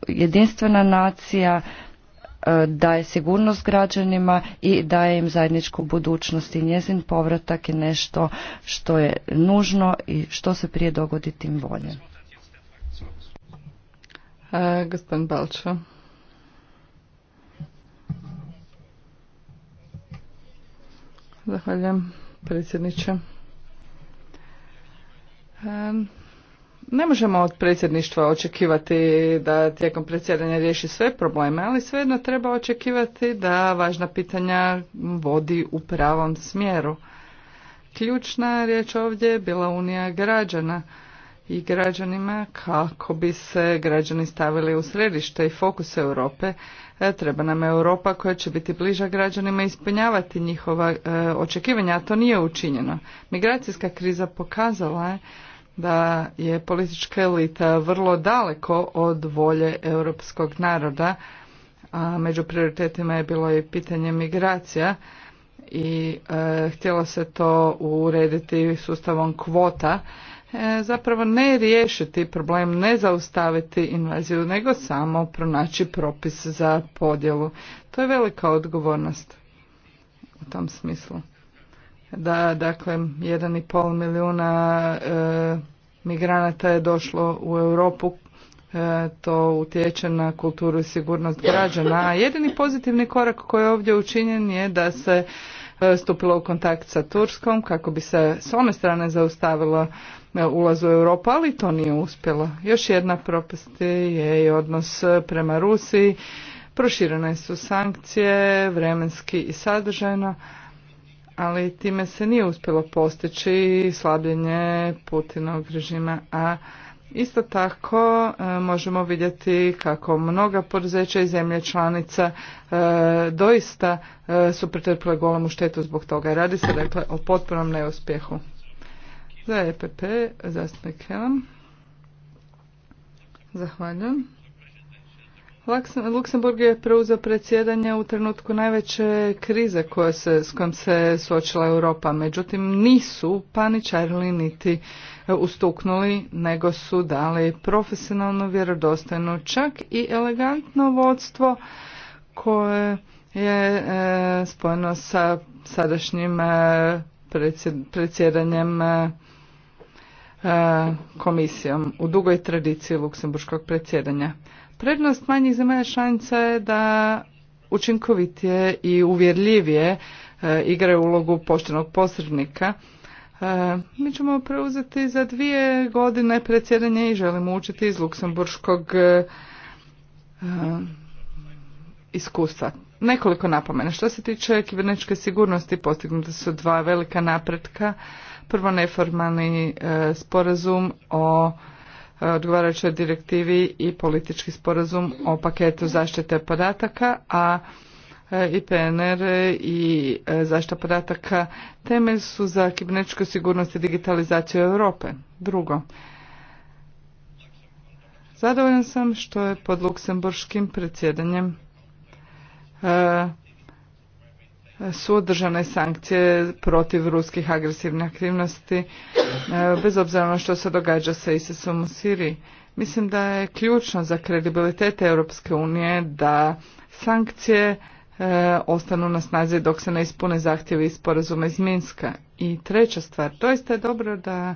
Speaker 2: jedinstvena nacija, e, daje sigurnost građanima i daje im zajedničku budućnost i njezin povratak je nešto što je nužno i što se prije dogodi tim bolje.
Speaker 1: Eh, gospodin Balčo. Zahvaljujem predsjedniče. Ne možemo od predsjedništva očekivati da tijekom predsjedanja riješi sve probleme, ali svejedno treba očekivati da važna pitanja vodi u pravom smjeru. Ključna riječ ovdje je bila unija građana i građanima kako bi se građani stavili u središte i fokus Europe. E, treba nam Europa koja će biti bliža građanima i ispunjavati njihova e, očekivanja, a to nije učinjeno. Migracijska kriza pokazala je da je politička elita vrlo daleko od volje europskog naroda, a među prioritetima je bilo i pitanje migracija i e, htjelo se to urediti sustavom kvota E, zapravo ne riješiti problem, ne zaustaviti invaziju, nego samo pronaći propis za podjelu. To je velika odgovornost u tom smislu. Da, dakle, 1,5 milijuna e, migranata je došlo u Europu, e, to utječe na kulturu i sigurnost građana. A jedini pozitivni korak koji je ovdje učinjen je da se stupilo u kontakt sa Turskom kako bi se s one strane zaustavilo ulazu u Europu, ali to nije uspjelo. Još jedna propast je i odnos prema Rusiji. Proširene su sankcije, vremenski i sadržajno, ali time se nije uspjelo postići slabljenje Putinog režima, a Isto tako e, možemo vidjeti kako mnoga poduzeća i zemlje članica e, doista e, su pretrpile golemu štetu zbog toga. Radi se dakle o potpunom neuspjehu. Za EPP, zastupnik Helam. Zahvaljujem. Luksemburg je preuzeo predsjedanje u trenutku najveće krize koja se, s kojom se suočila Europa. Međutim, nisu paničarili niti e, ustuknuli, nego su dali profesionalno, vjerodostojno, čak i elegantno vodstvo koje je e, spojeno sa sadašnjim e, predsjedanjem E, komisijom u dugoj tradiciji luksemburškog predsjedanja. Prednost manjih zemalja članica je da učinkovitije i uvjerljivije e, igraju ulogu poštenog posrednika. E, mi ćemo preuzeti za dvije godine predsjedanje i želimo učiti iz luksemburškog iskustva. Nekoliko napomena. Što se tiče kibernetičke sigurnosti, postignuta su dva velika napretka. Prvo neformalni e, sporazum o e, odgovarajućoj direktivi i politički sporazum o paketu zaštite podataka, a e, i PNR i zaštita podataka temelj su za kibernetičku sigurnost i digitalizaciju Europe. Drugo, Zadovoljan sam što je pod luksemburškim predsjedanjem E, su održane sankcije protiv ruskih agresivnih aktivnosti, e, bez obzira na ono što se događa sa ISIS-om u Siriji. Mislim da je ključno za kredibilitet Europske unije da sankcije e, ostanu na snazi dok se ne ispune zahtjevi iz sporazuma iz Minska. I treća stvar, doista je dobro da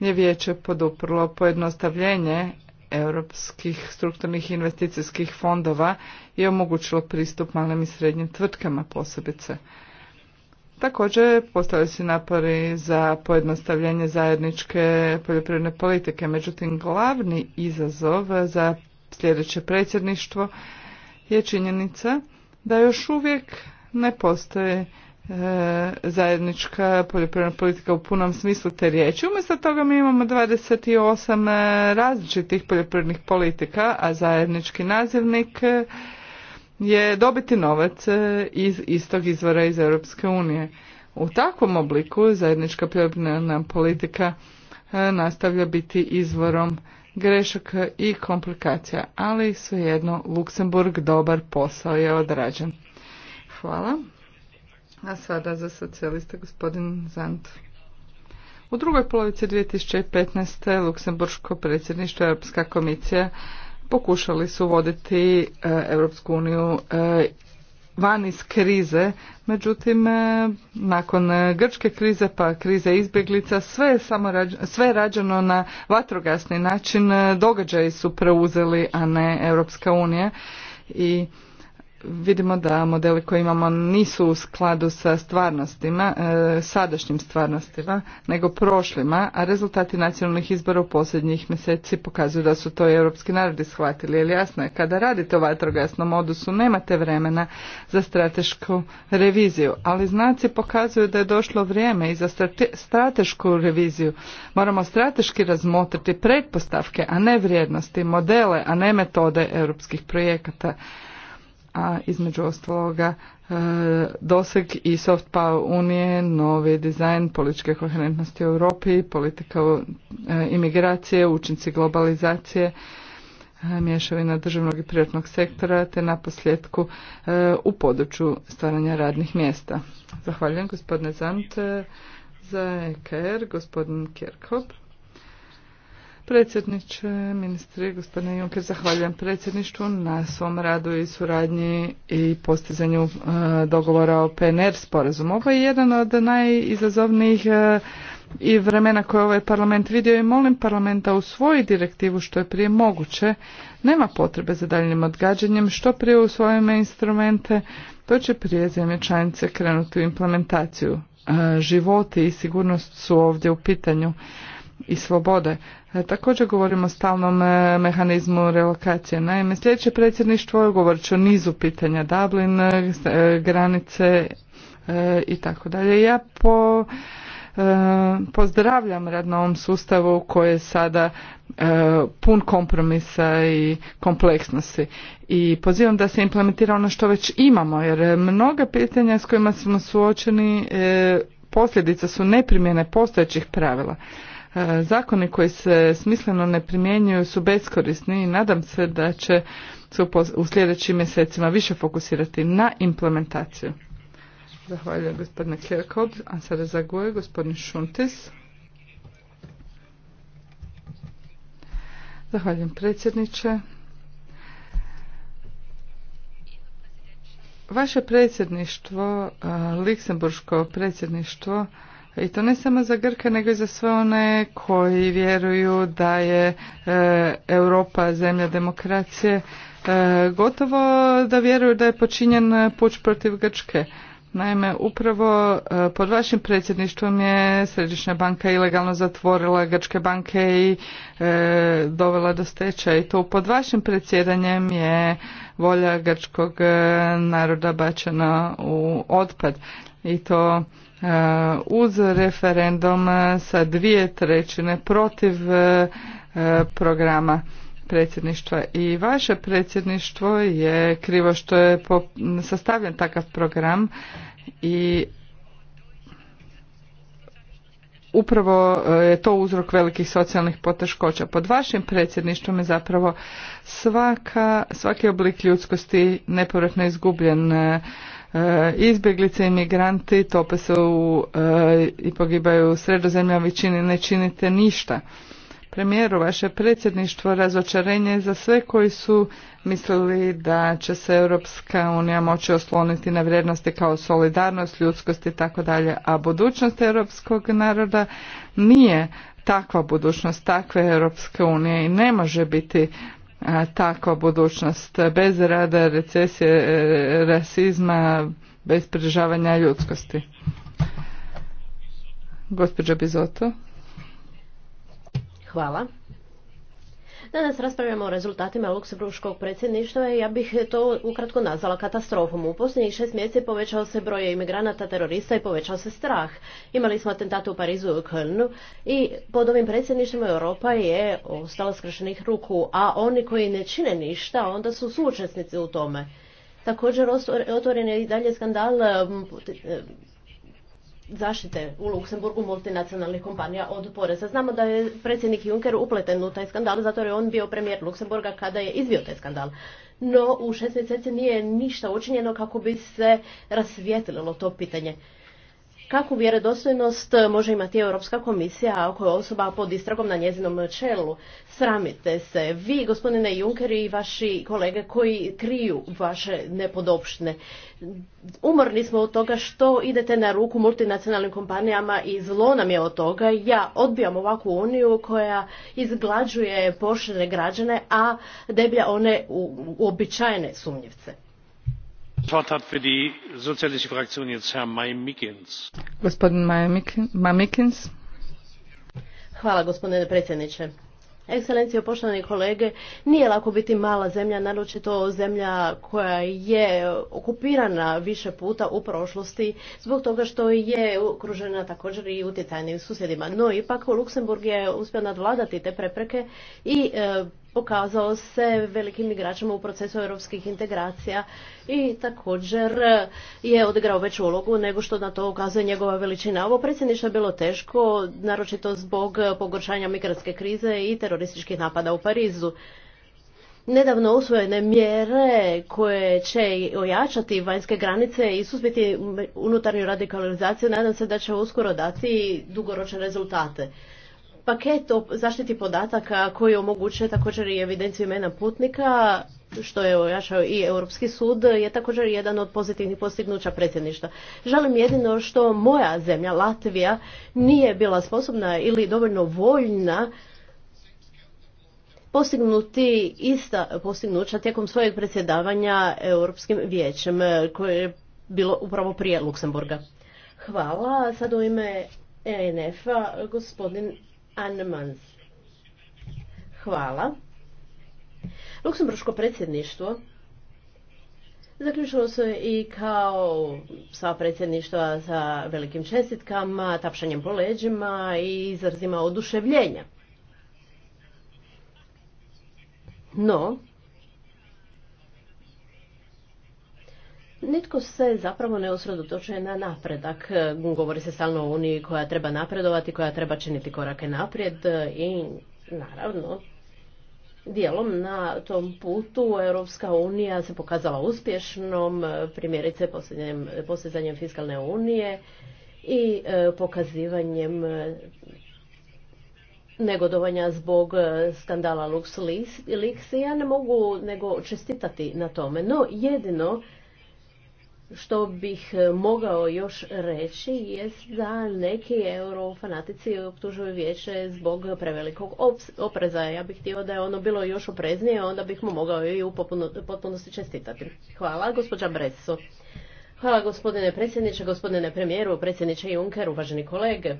Speaker 1: je vijeće poduprlo pojednostavljenje europskih strukturnih investicijskih fondova je omogućilo pristup malim i srednjim tvrtkama posebice. Također postavili se napori za pojednostavljanje zajedničke poljoprivredne politike, međutim glavni izazov za sljedeće predsjedništvo je činjenica da još uvijek ne postoje E, zajednička poljoprivredna politika u punom smislu te riječi. Umjesto toga mi imamo 28 e, različitih poljoprivrednih politika, a zajednički nazivnik e, je dobiti novac iz istog izvora iz Europske unije. U takvom obliku zajednička poljoprivredna politika nastavlja biti izvorom grešaka i komplikacija, ali svejedno Luksemburg dobar posao je odrađen. Hvala. A sada za socijalista, gospodin Zant. U drugoj polovici 2015. Luksemburško predsjedništvo Europska komisija pokušali su voditi e, Europsku uniju e, van iz krize, međutim e, nakon grčke krize pa krize izbjeglica sve je, samo rađeno, je rađeno na vatrogasni način, događaji su preuzeli, a ne Europska unija i vidimo da modeli koje imamo nisu u skladu sa stvarnostima, e, sadašnjim stvarnostima, nego prošlima, a rezultati nacionalnih izbora u posljednjih mjeseci pokazuju da su to i europski narodi shvatili. Jer jasno je, kada radite u vatrogasnom modusu nemate vremena za stratešku reviziju, ali znaci pokazuju da je došlo vrijeme i za stratešku reviziju. Moramo strateški razmotriti pretpostavke, a ne vrijednosti, modele, a ne metode europskih projekata a između ostaloga e, doseg i soft power unije, novi dizajn političke koherentnosti u Europi, politika e, imigracije, učinci globalizacije, e, mješavina državnog i privatnog sektora te na u području stvaranja radnih mjesta. Zahvaljujem gospodine Zante, za EKR, gospodin Kirkhop. Predsjedniče, ministri, gospodine Juncker, zahvaljujem predsjedništvu na svom radu i suradnji i postizanju e, dogovora o PNR sporazumu. Ovo je jedan od najizazovnijih e, i vremena koje ovaj parlament vidio i molim parlamenta u svoju direktivu što je prije moguće. Nema potrebe za daljnim odgađanjem, što prije u svojime instrumente, to će prije zemlje članice krenuti u implementaciju. E, životi i sigurnost su ovdje u pitanju i slobode. E, također govorimo o stalnom e, mehanizmu relokacije. Naime, sljedeće predsjedništvo govorit ću o nizu pitanja Dublin, e, granice i tako dalje. Ja po, pozdravljam rad na ovom sustavu koji je sada pun kompromisa i kompleksnosti i pozivam da se implementira ono što već imamo jer mnoga pitanja s kojima smo suočeni posljedica su neprimjene postojećih pravila. E, zakoni koji se smisleno ne primjenjuju su beskorisni i nadam se da će se u sljedećim mjesecima više fokusirati na implementaciju. Zahvaljujem gospodine Kjerkov, a sada zaguje gospodin Šuntis. Zahvaljujem predsjedniče. Vaše predsjedništvo, e, Liksemburško predsjedništvo, i to ne samo za Grke, nego i za sve one koji vjeruju da je e, Europa zemlja demokracije. E, gotovo da vjeruju da je počinjen puć protiv Grčke. Naime, upravo e, pod vašim predsjedništvom je Središnja banka ilegalno zatvorila Grčke banke i dovela do stečaja. I to pod vašim predsjedanjem je volja grčkog naroda bačena u otpad. I to Uh, uz referendum uh, sa dvije trećine protiv uh, programa predsjedništva i vaše predsjedništvo je krivo što je sastavljen takav program i upravo je to uzrok velikih socijalnih poteškoća. Pod vašim predsjedništvom je zapravo svaka, svaki oblik ljudskosti nepovratno izgubljen E, izbjeglice i migranti tope se u, e, i pogibaju u sredozemlju, čini, ne činite ništa. Premijeru, vaše predsjedništvo razočarenje za sve koji su mislili da će se Europska unija moći osloniti na vrijednosti kao solidarnost, ljudskost i tako dalje, a budućnost europskog naroda nije takva budućnost takve Europske unije i ne može biti tako budućnost bez rada, recesije, e, rasizma, bez prižavanja ljudskosti. Gospođa Bizoto.
Speaker 3: Hvala. Danas raspravljamo o rezultatima luksemburškog predsjedništva i ja bih to ukratko nazvala katastrofom. U posljednjih šest mjeseci povećao se broj imigranata, terorista i povećao se strah. Imali smo atentate u Parizu i u Kölnu i pod ovim predsjedništvima Europa je ostala skršenih ruku, a oni koji ne čine ništa onda su suučesnici u tome. Također otvoren je i dalje skandal zaštite u Luksemburgu multinacionalnih kompanija od poreza. Znamo da je predsjednik Juncker upleten u taj skandal zato jer je on bio premijer Luksemburga kada je izvio taj skandal. No u šest mjeseci nije ništa učinjeno kako bi se rasvijetlilo to pitanje kakvu vjerodostojnost može imati Europska komisija ako je osoba pod istragom na njezinom čelu? Sramite se. Vi, gospodine Juncker i vaši kolege koji kriju vaše nepodopštine. Umorni smo od toga što idete na ruku multinacionalnim kompanijama i zlo nam je od toga. Ja odbijam ovakvu uniju koja izglađuje poštene građane, a deblja one uobičajene sumnjivce. Hvala gospodine predsjedniče. Ekscelencijo, poštovani kolege, nije lako biti mala zemlja, naročito zemlja koja je okupirana više puta u prošlosti zbog toga što je okružena također i utjecajnim susjedima. No, ipak Luksemburg je uspio nadvladati te prepreke i e, pokazao se velikim igračem u procesu europskih integracija i također je odigrao veću ulogu nego što na to ukazuje njegova veličina. Ovo predsjedništvo je bilo teško, naročito zbog pogoršanja migrantske krize i terorističkih napada u Parizu. Nedavno usvojene mjere koje će ojačati vanjske granice i suzbiti unutarnju radikalizaciju nadam se da će uskoro dati dugoročne rezultate. Paket o zaštiti podataka koji omogućuje također i evidenciju imena putnika, što je ojačao i Europski sud, je također jedan od pozitivnih postignuća predsjedništva. Žalim jedino što moja zemlja, Latvija, nije bila sposobna ili dovoljno voljna postignuti ista postignuća tijekom svojeg predsjedavanja Europskim vijećem, koje je bilo upravo prije Luksemburga. Hvala. Sad u ime ENF-a gospodin Annemans. Hvala. Luksemburško predsjedništvo zaključilo se i kao sva predsjedništva sa velikim čestitkama, tapšanjem po leđima i izrazima oduševljenja. No, Nitko se zapravo ne osredotočuje na napredak. Govori se stalno o Uniji koja treba napredovati, koja treba činiti korake naprijed i naravno dijelom na tom putu Europska unija se pokazala uspješnom, primjerice posljedanjem, fiskalne unije i e, pokazivanjem e, negodovanja zbog e, skandala i Ja ne mogu nego čestitati na tome, no jedino što bih e, mogao još reći jest da neki eurofanatici optužuju vijeće zbog prevelikog opreza. Ja bih htio da je ono bilo još opreznije, onda bih mu mogao i u potpunosti čestitati. Hvala, gospođa Bresso. Hvala gospodine predsjedniče, gospodine premijeru, predsjedniče Juncker, uvaženi kolege.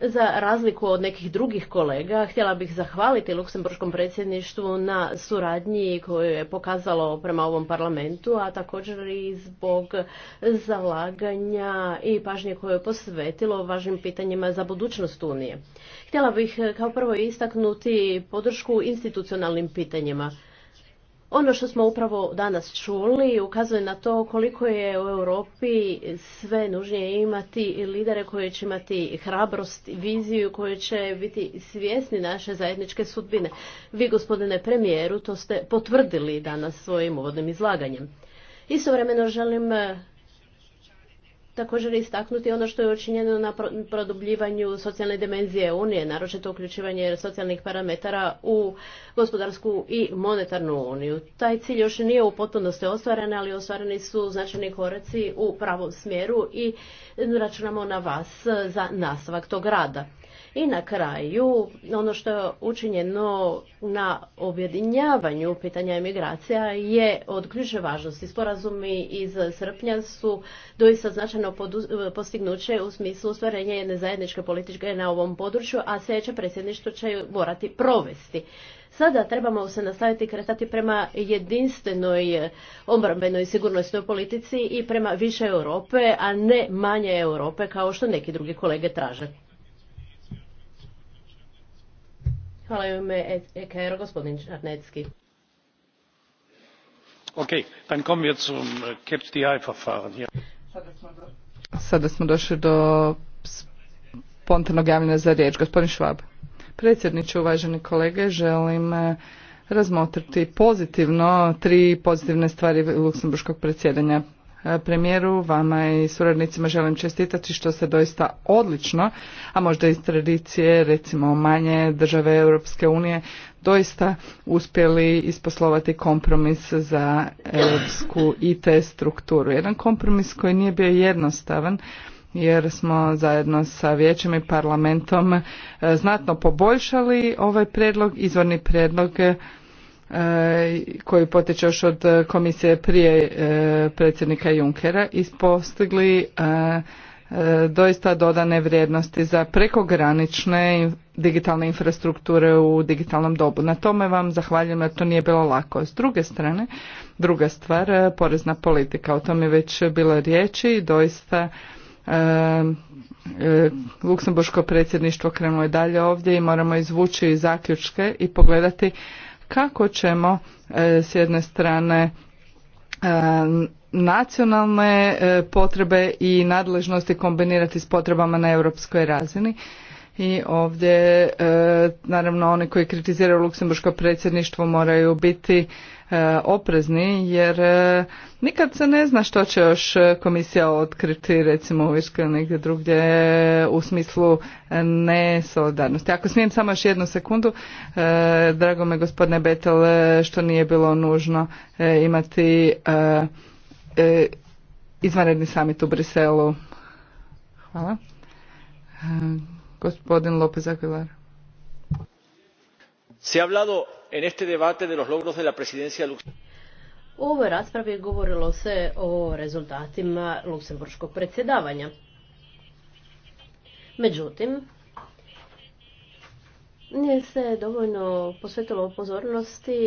Speaker 3: Za razliku od nekih drugih kolega, htjela bih zahvaliti Luksemburškom predsjedništvu na suradnji koju je pokazalo prema ovom parlamentu, a također i zbog zalaganja i pažnje koje je posvetilo važnim pitanjima za budućnost Unije. Htjela bih kao prvo istaknuti podršku institucionalnim pitanjima. Ono što smo upravo danas čuli ukazuje na to koliko je u Europi sve nužnije imati lidere koji će imati hrabrost, viziju, koji će biti svjesni naše zajedničke sudbine. Vi, gospodine premijeru, to ste potvrdili danas svojim uvodnim izlaganjem. Istovremeno želim također istaknuti ono što je učinjeno na produbljivanju socijalne dimenzije Unije, naročito uključivanje socijalnih parametara u gospodarsku i monetarnu Uniju. Taj cilj još nije u potpunosti ostvaren, ali ostvareni su značajni koraci u pravom smjeru i računamo na vas za nastavak tog rada. I na kraju, ono što je učinjeno na objedinjavanju pitanja emigracija je od ključe važnosti. Sporazumi iz srpnja su doista značajno postignuće u smislu ostvarenja jedne zajedničke političke na ovom području, a sljedeće predsjedništvo će morati provesti. Sada trebamo se nastaviti kretati prema jedinstvenoj obrambenoj sigurnosnoj politici i prema više Europe, a ne manje Europe kao što neki drugi kolege traže. Hvala u ime EKR, gospodin Čarnecki. Ok, dann kommen wir zum capti Verfahren.
Speaker 1: Sada smo došli do spontanog javljanja za riječ. Gospodin Švab. Predsjedniče, uvaženi kolege, želim eh, razmotriti pozitivno tri pozitivne stvari Luksemburškog predsjedanja. E, premijeru, vama i suradnicima želim čestitati što se doista odlično, a možda iz tradicije recimo manje države Europske unije doista uspjeli isposlovati kompromis za europsku IT strukturu. Jedan kompromis koji nije bio jednostavan jer smo zajedno sa vijećem i parlamentom e, znatno poboljšali ovaj predlog, izvorni predlog E, koji poteče još od komisije prije e, predsjednika Junkera ispostigli postigli e, doista dodane vrijednosti za prekogranične digitalne infrastrukture u digitalnom dobu. Na tome vam zahvaljujem jer to nije bilo lako. S druge strane, druga stvar, porezna politika. O tome je već bilo riječi i doista e, Luksemburško predsjedništvo krenulo je dalje ovdje i moramo izvući zaključke i pogledati kako ćemo e, s jedne strane e, nacionalne e, potrebe i nadležnosti kombinirati s potrebama na europskoj razini. I ovdje, naravno, oni koji kritiziraju Luksemburško predsjedništvo moraju biti E, oprezni jer e, nikad se ne zna što će još komisija otkriti recimo u Irskoj negdje drugdje u smislu e, nesolidarnosti. Ako smijem samo još jednu sekundu, drago me gospodine Betel što nije bilo nužno imati izvanredni samit u Briselu. Hvala. Gospodin Lopez
Speaker 3: Aguilar.
Speaker 2: Se hablado en este debate de los logros de la presidencia
Speaker 3: U ovoj raspravi govorilo se o rezultatima luksemburškog predsjedavanja. Međutim, nije se dovoljno posvetilo pozornosti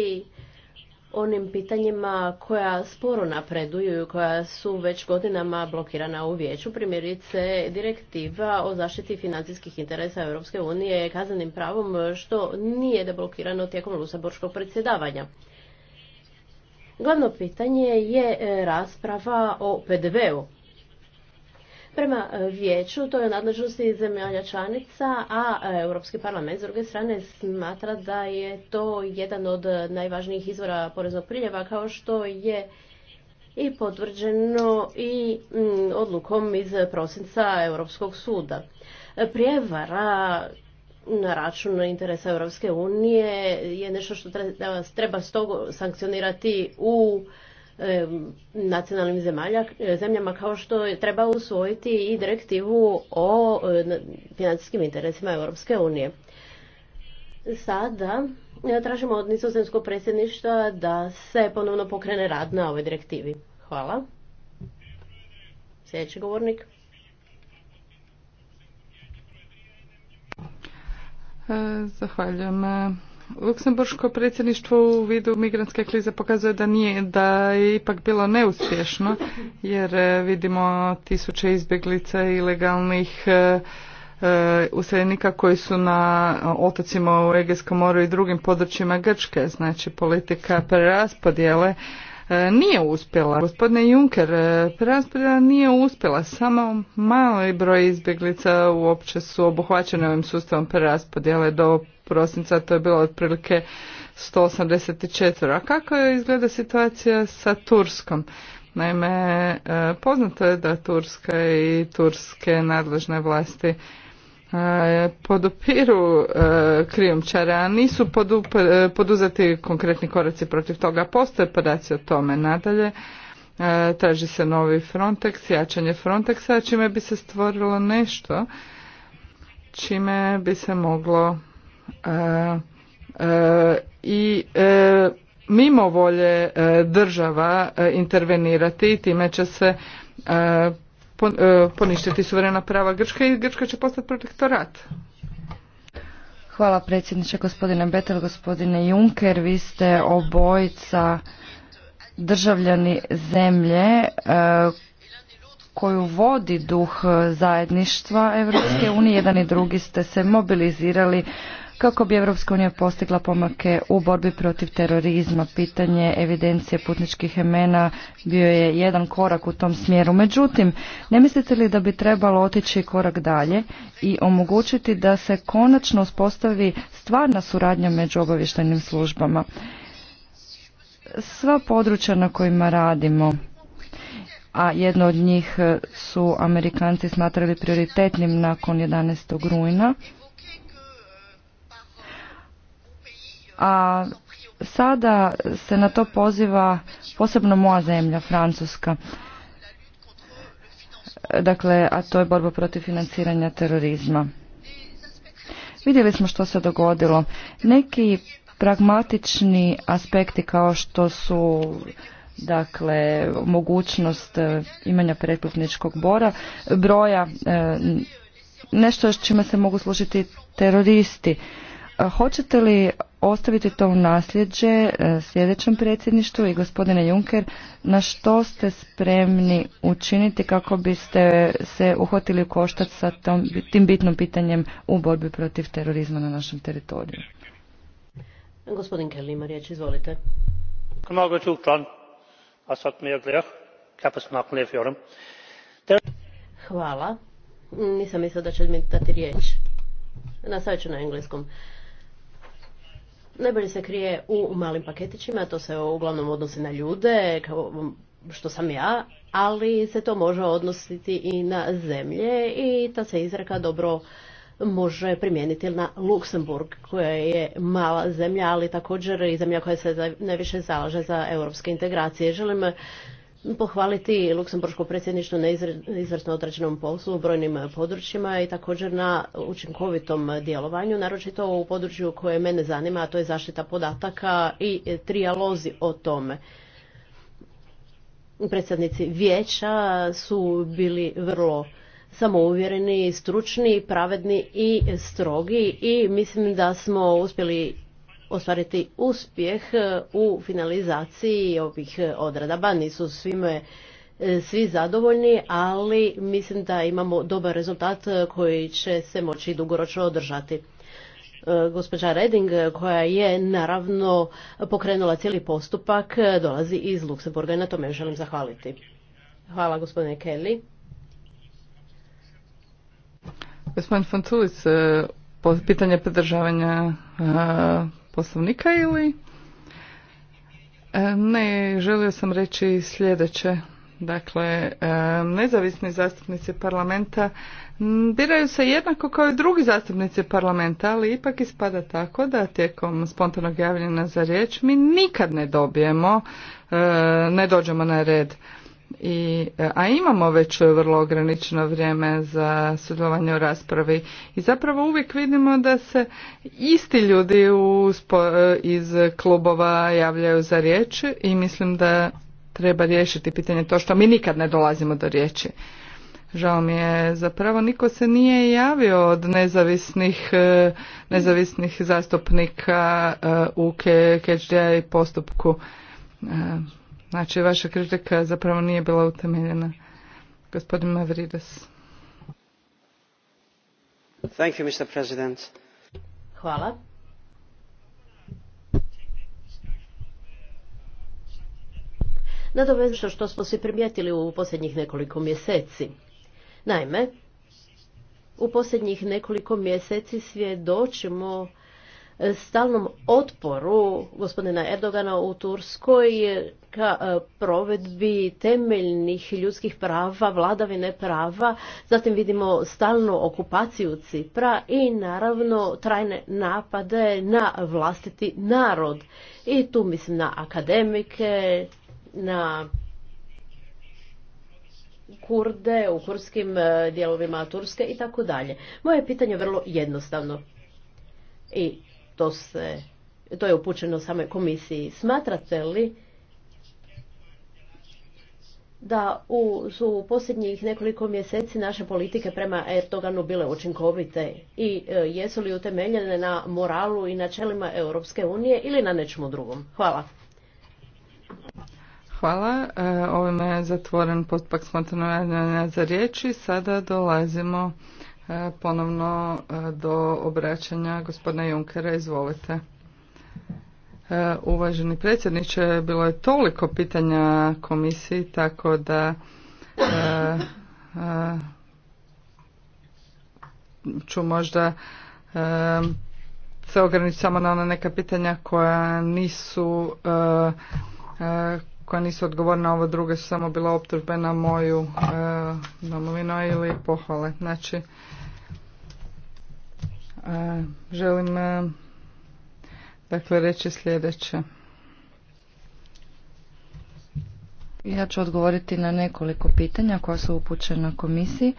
Speaker 3: onim pitanjima koja sporo napreduju i koja su već godinama blokirana u vijeću, primjerice direktiva o zaštiti financijskih interesa Europske unije kazanim pravom što nije deblokirano tijekom lusaborskog predsjedavanja. Glavno pitanje je e, rasprava o PDV-u. Prema e, vijeću to je nadležnosti zemalja članica, a e, Europski parlament s druge strane smatra da je to jedan od najvažnijih izvora poreznog priljeva kao što je i potvrđeno i mm, odlukom iz prosinca Europskog suda. E, prijevara na račun interesa Europske unije je nešto što treba stogo sankcionirati u nacionalnim e, zemljama kao što je treba usvojiti i direktivu o e, financijskim interesima Europske unije. Sada e, tražimo od nizozemskog predsjedništva da se ponovno pokrene rad na ovoj direktivi. Hvala. Sljedeći govornik.
Speaker 1: Zahvaljujem Luksemburško predsjedništvo u vidu migrantske krize pokazuje da nije, da je ipak bilo neuspješno jer e, vidimo tisuće izbjeglica ilegalnih e, e, useljenika koji su na otocima u Egejskom moru i drugim područjima Grčke, znači politika preraspodjele nije uspjela. Gospodine Juncker, preraspodjela nije uspjela. Samo mali broj izbjeglica uopće su obuhvaćene ovim sustavom preraspodjele do prosinca, to je bilo otprilike 184. A kako izgleda situacija sa Turskom? Naime, e, poznato je da Turska i turske nadležne vlasti e, podupiru e, krijumčare, a nisu poduzeti konkretni koraci protiv toga. Postoje podaci o tome nadalje. Traži se novi Frontex, jačanje Frontexa, čime bi se stvorilo nešto čime bi se moglo E, e, i e, mimo volje država intervenirati i time će se poništiti suverena prava Grčke i Grčka će postati protektorat.
Speaker 2: Hvala predsjedniče gospodine Betel, gospodine Juncker. Vi ste obojica državljani zemlje koju vodi duh zajedništva Europske unije. Jedan i drugi ste se mobilizirali kako bi Europska unija postigla pomake u borbi protiv terorizma. Pitanje evidencije putničkih imena bio je jedan korak u tom smjeru. Međutim, ne mislite li da bi trebalo otići korak dalje i omogućiti da se konačno uspostavi stvarna suradnja među obavještajnim službama? Sva područja na kojima radimo, a jedno od njih su Amerikanci smatrali prioritetnim nakon 11. rujna, a sada se na to poziva posebno moja zemlja, Francuska. Dakle, a to je borba protiv financiranja terorizma. Vidjeli smo što se dogodilo. Neki pragmatični aspekti kao što su dakle mogućnost e, imanja pretplatničkog bora, broja, e, nešto s čime se mogu služiti teroristi Hoćete li ostaviti to u nasljeđe e, sljedećem predsjedništvu i gospodine Juncker, na što ste spremni učiniti kako biste se uhvatili u koštac sa tom, tim bitnom pitanjem u borbi protiv terorizma na našem teritoriju?
Speaker 3: Gospodin Kelly ima riječ, izvolite. Hvala. Nisam mislila da će mi dati riječ. Nastavit ću na engleskom. Najbolje se krije u malim paketićima, to se uglavnom odnosi na ljude, kao što sam ja, ali se to može odnositi i na zemlje i ta se izreka dobro može primijeniti na Luksemburg, koja je mala zemlja, ali također i zemlja koja se najviše zalaže za europske integracije. Želim pohvaliti Luksemburško predsjedništvo na izvrsno odrađenom poslu u brojnim područjima i također na učinkovitom djelovanju, naročito u području koje mene zanima, a to je zaštita podataka i trijalozi o tome. Predsjednici vijeća su bili vrlo samouvjereni, stručni, pravedni i strogi i mislim da smo uspjeli ostvariti uspjeh e, u finalizaciji ovih e, odredaba. Nisu svime e, svi zadovoljni, ali mislim da imamo dobar rezultat koji će se moći dugoročno održati. Gospođa Reding, koja je naravno pokrenula cijeli postupak, dolazi iz Luksemburga i na tome želim zahvaliti. Hvala gospodine Kelly.
Speaker 1: Gospodin pitanje podržavanja poslovnika ili? E, ne, želio sam reći sljedeće. Dakle, e, nezavisni zastupnici parlamenta biraju se jednako kao i drugi zastupnici parlamenta, ali ipak ispada tako da tijekom spontanog javljena za riječ mi nikad ne dobijemo, e, ne dođemo na red. I, a imamo već vrlo ograničeno vrijeme za sudjelovanje u raspravi i zapravo uvijek vidimo da se isti ljudi iz klubova javljaju za riječ i mislim da treba riješiti pitanje to što mi nikad ne dolazimo do riječi. Žao mi je, zapravo niko se nije javio od nezavisnih, e, nezavisnih zastupnika e, u KHDI postupku. E, Znači, vaša kritika zapravo nije bila utemeljena. Gospodin Mavrides.
Speaker 2: Thank you, Mr. President.
Speaker 3: Hvala. Nadovezno što smo svi primijetili u posljednjih nekoliko mjeseci. Naime, u posljednjih nekoliko mjeseci svjedočimo stalnom otporu gospodina Erdogana u Turskoj ka e, provedbi temeljnih ljudskih prava, vladavine prava, zatim vidimo stalnu okupaciju Cipra i naravno trajne napade na vlastiti narod. I tu mislim na akademike, na kurde u kurskim e, dijelovima Turske i tako dalje. Moje pitanje je vrlo jednostavno. I to, se, to je upućeno same komisiji. Smatrate li da u, su u posljednjih nekoliko mjeseci naše politike prema Erdoganu bile učinkovite i e, jesu li utemeljene na moralu i načelima Europske unije ili na nečemu drugom? Hvala.
Speaker 1: Hvala. E, je zatvoren postupak spontanog za riječi. Sada dolazimo E, ponovno e, do obraćanja gospodina Junkera. Izvolite. E, uvaženi predsjedniče, bilo je toliko pitanja komisiji, tako da ću možda se ograničiti samo na ona neka pitanja koja nisu koja nisu odgovorna, ovo druge su samo bila optužbe na moju domovinu ili pohvale. Znači, želim eh, dakle reći sljedeće.
Speaker 2: Ja ću odgovoriti na nekoliko pitanja koja su upućena komisiji,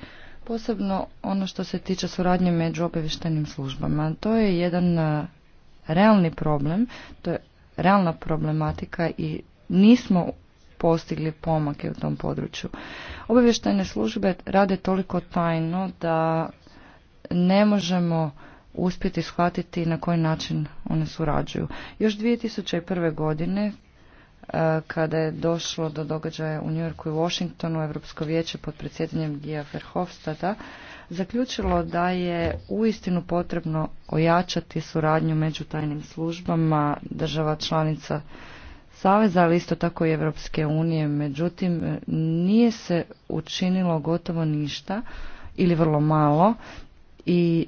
Speaker 2: posebno ono što se tiče suradnje među obavještajnim službama. To je jedan eh, realni problem, to je realna problematika i nismo postigli pomake u tom području. Obavještajne službe rade toliko tajno da ne možemo uspjeti shvatiti na koji način one surađuju. Još 2001. godine e, kada je došlo do događaja u New Yorku i Washingtonu, Europsko vijeće pod predsjedanjem Gija Verhofstada zaključilo da je uistinu potrebno ojačati suradnju među tajnim službama država članica Saveza, ali isto tako i Europske unije. Međutim, nije se učinilo gotovo ništa ili vrlo malo i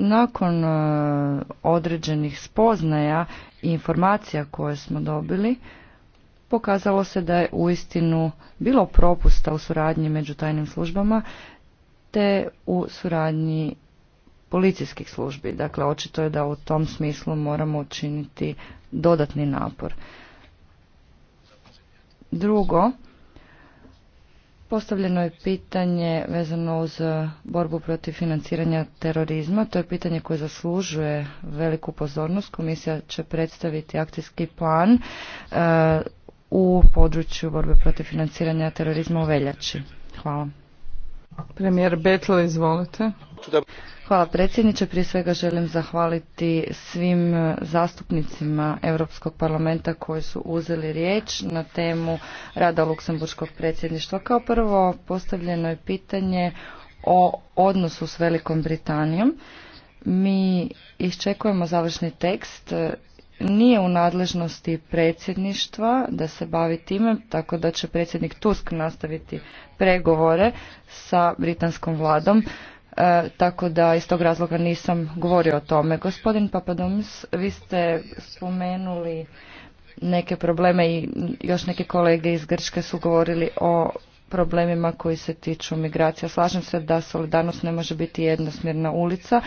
Speaker 2: nakon e, određenih spoznaja i informacija koje smo dobili, pokazalo se da je uistinu bilo propusta u suradnji među tajnim službama te u suradnji policijskih službi. Dakle, očito je da u tom smislu moramo učiniti dodatni napor. Drugo, Postavljeno je pitanje vezano uz e, borbu protiv financiranja terorizma. To je pitanje koje zaslužuje veliku pozornost. Komisija će predstaviti akcijski plan e, u području borbe protiv financiranja terorizma u veljači. Hvala. Premijer Betel, izvolite. Hvala predsjedniče. Prije svega želim zahvaliti svim zastupnicima Europskog parlamenta koji su uzeli riječ na temu rada Luksemburškog predsjedništva. Kao prvo postavljeno je pitanje o odnosu s Velikom Britanijom. Mi iščekujemo završni tekst nije u nadležnosti predsjedništva da se bavi time, tako da će predsjednik Tusk nastaviti pregovore sa britanskom vladom. E, tako da iz tog razloga nisam govorio o tome. Gospodin Papadomis, vi ste spomenuli neke probleme i još neke kolege iz Grčke su govorili o problemima koji se tiču migracija. Slažem se da solidarnost ne može biti jednosmjerna ulica.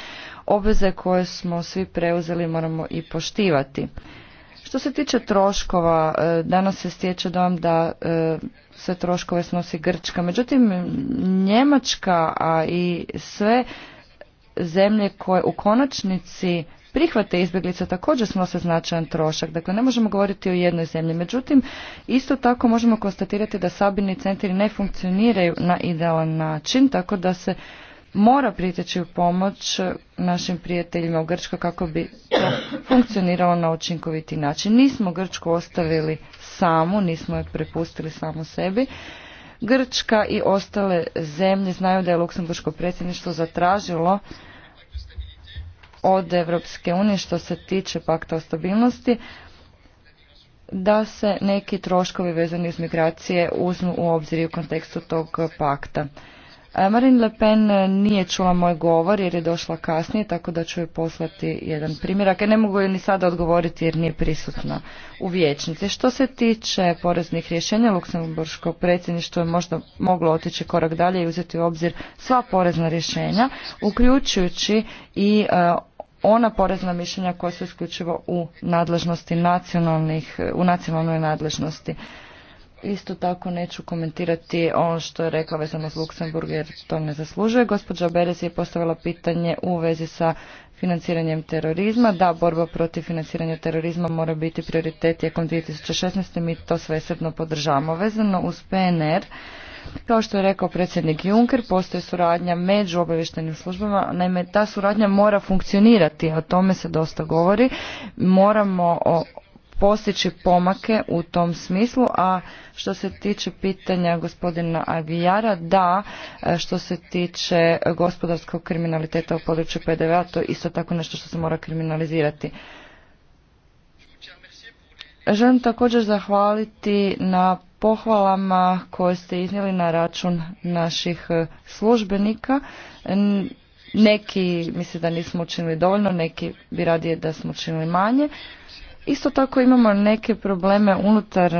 Speaker 2: Obveze koje smo svi preuzeli moramo i poštivati. Što se tiče troškova, e, danas se stječe dom da e, sve troškove snosi Grčka. Međutim, Njemačka, a i sve zemlje koje u konačnici prihvate izbjeglica također se značajan trošak. Dakle, ne možemo govoriti o jednoj zemlji. Međutim, isto tako možemo konstatirati da sabirni centri ne funkcioniraju na idealan način, tako da se mora priteći u pomoć našim prijateljima u Grčkoj kako bi to funkcioniralo na učinkoviti način. Nismo Grčku ostavili samu, nismo je prepustili samu sebi. Grčka i ostale zemlje znaju da je Luksemburško predsjedništvo zatražilo od Evropske unije što se tiče pakta o stabilnosti da se neki troškovi vezani uz migracije uzmu u obzir i u kontekstu tog pakta. E, Marine Le Pen e, nije čula moj govor jer je došla kasnije, tako da ću joj poslati jedan primjerak. Ja ne mogu joj ni sada odgovoriti jer nije prisutna u vijećnici. Što se tiče poreznih rješenja, Luksemburško predsjedništvo je možda moglo otići korak dalje i uzeti u obzir sva porezna rješenja, uključujući i e, ona porezna mišljenja koja su isključivo u nadležnosti nacionalnih, u nacionalnoj nadležnosti. Isto tako neću komentirati ono što je rekla vezano s Luksemburg jer to ne zaslužuje. Gospođa Beres je postavila pitanje u vezi sa financiranjem terorizma. Da, borba protiv financiranja terorizma mora biti prioritet tijekom 2016. Mi to svesredno podržamo. Vezano uz PNR, kao što je rekao predsjednik Juncker, postoje suradnja među obavještenim službama, naime ta suradnja mora funkcionirati, o tome se dosta govori. Moramo o postići pomake u tom smislu, a što se tiče pitanja gospodina Agijara, da, e, što se tiče gospodarskog kriminaliteta u području pdv to je isto tako nešto što se mora kriminalizirati. Želim također zahvaliti na pohvalama koje ste iznijeli na račun naših e, službenika. Neki mislim da nismo učinili dovoljno, neki bi radije da smo učinili manje. Isto tako imamo neke probleme unutar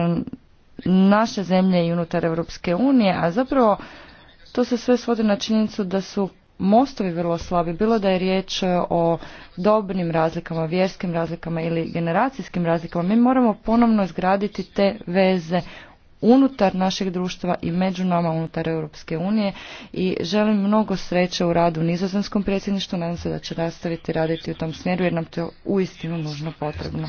Speaker 2: naše zemlje i unutar Europske unije, a zapravo to se sve svodi na činjenicu da su mostovi vrlo slabi, bilo da je riječ e, o dobnim razlikama, vjerskim razlikama ili generacijskim razlikama, mi moramo ponovno izgraditi te veze unutar našeg društva i među nama unutar Europske unije i želim mnogo sreće u radu u nizozemskom predsjedništvu. Nadam se da će nastaviti raditi u tom smjeru jer nam to uistinu nužno potrebno.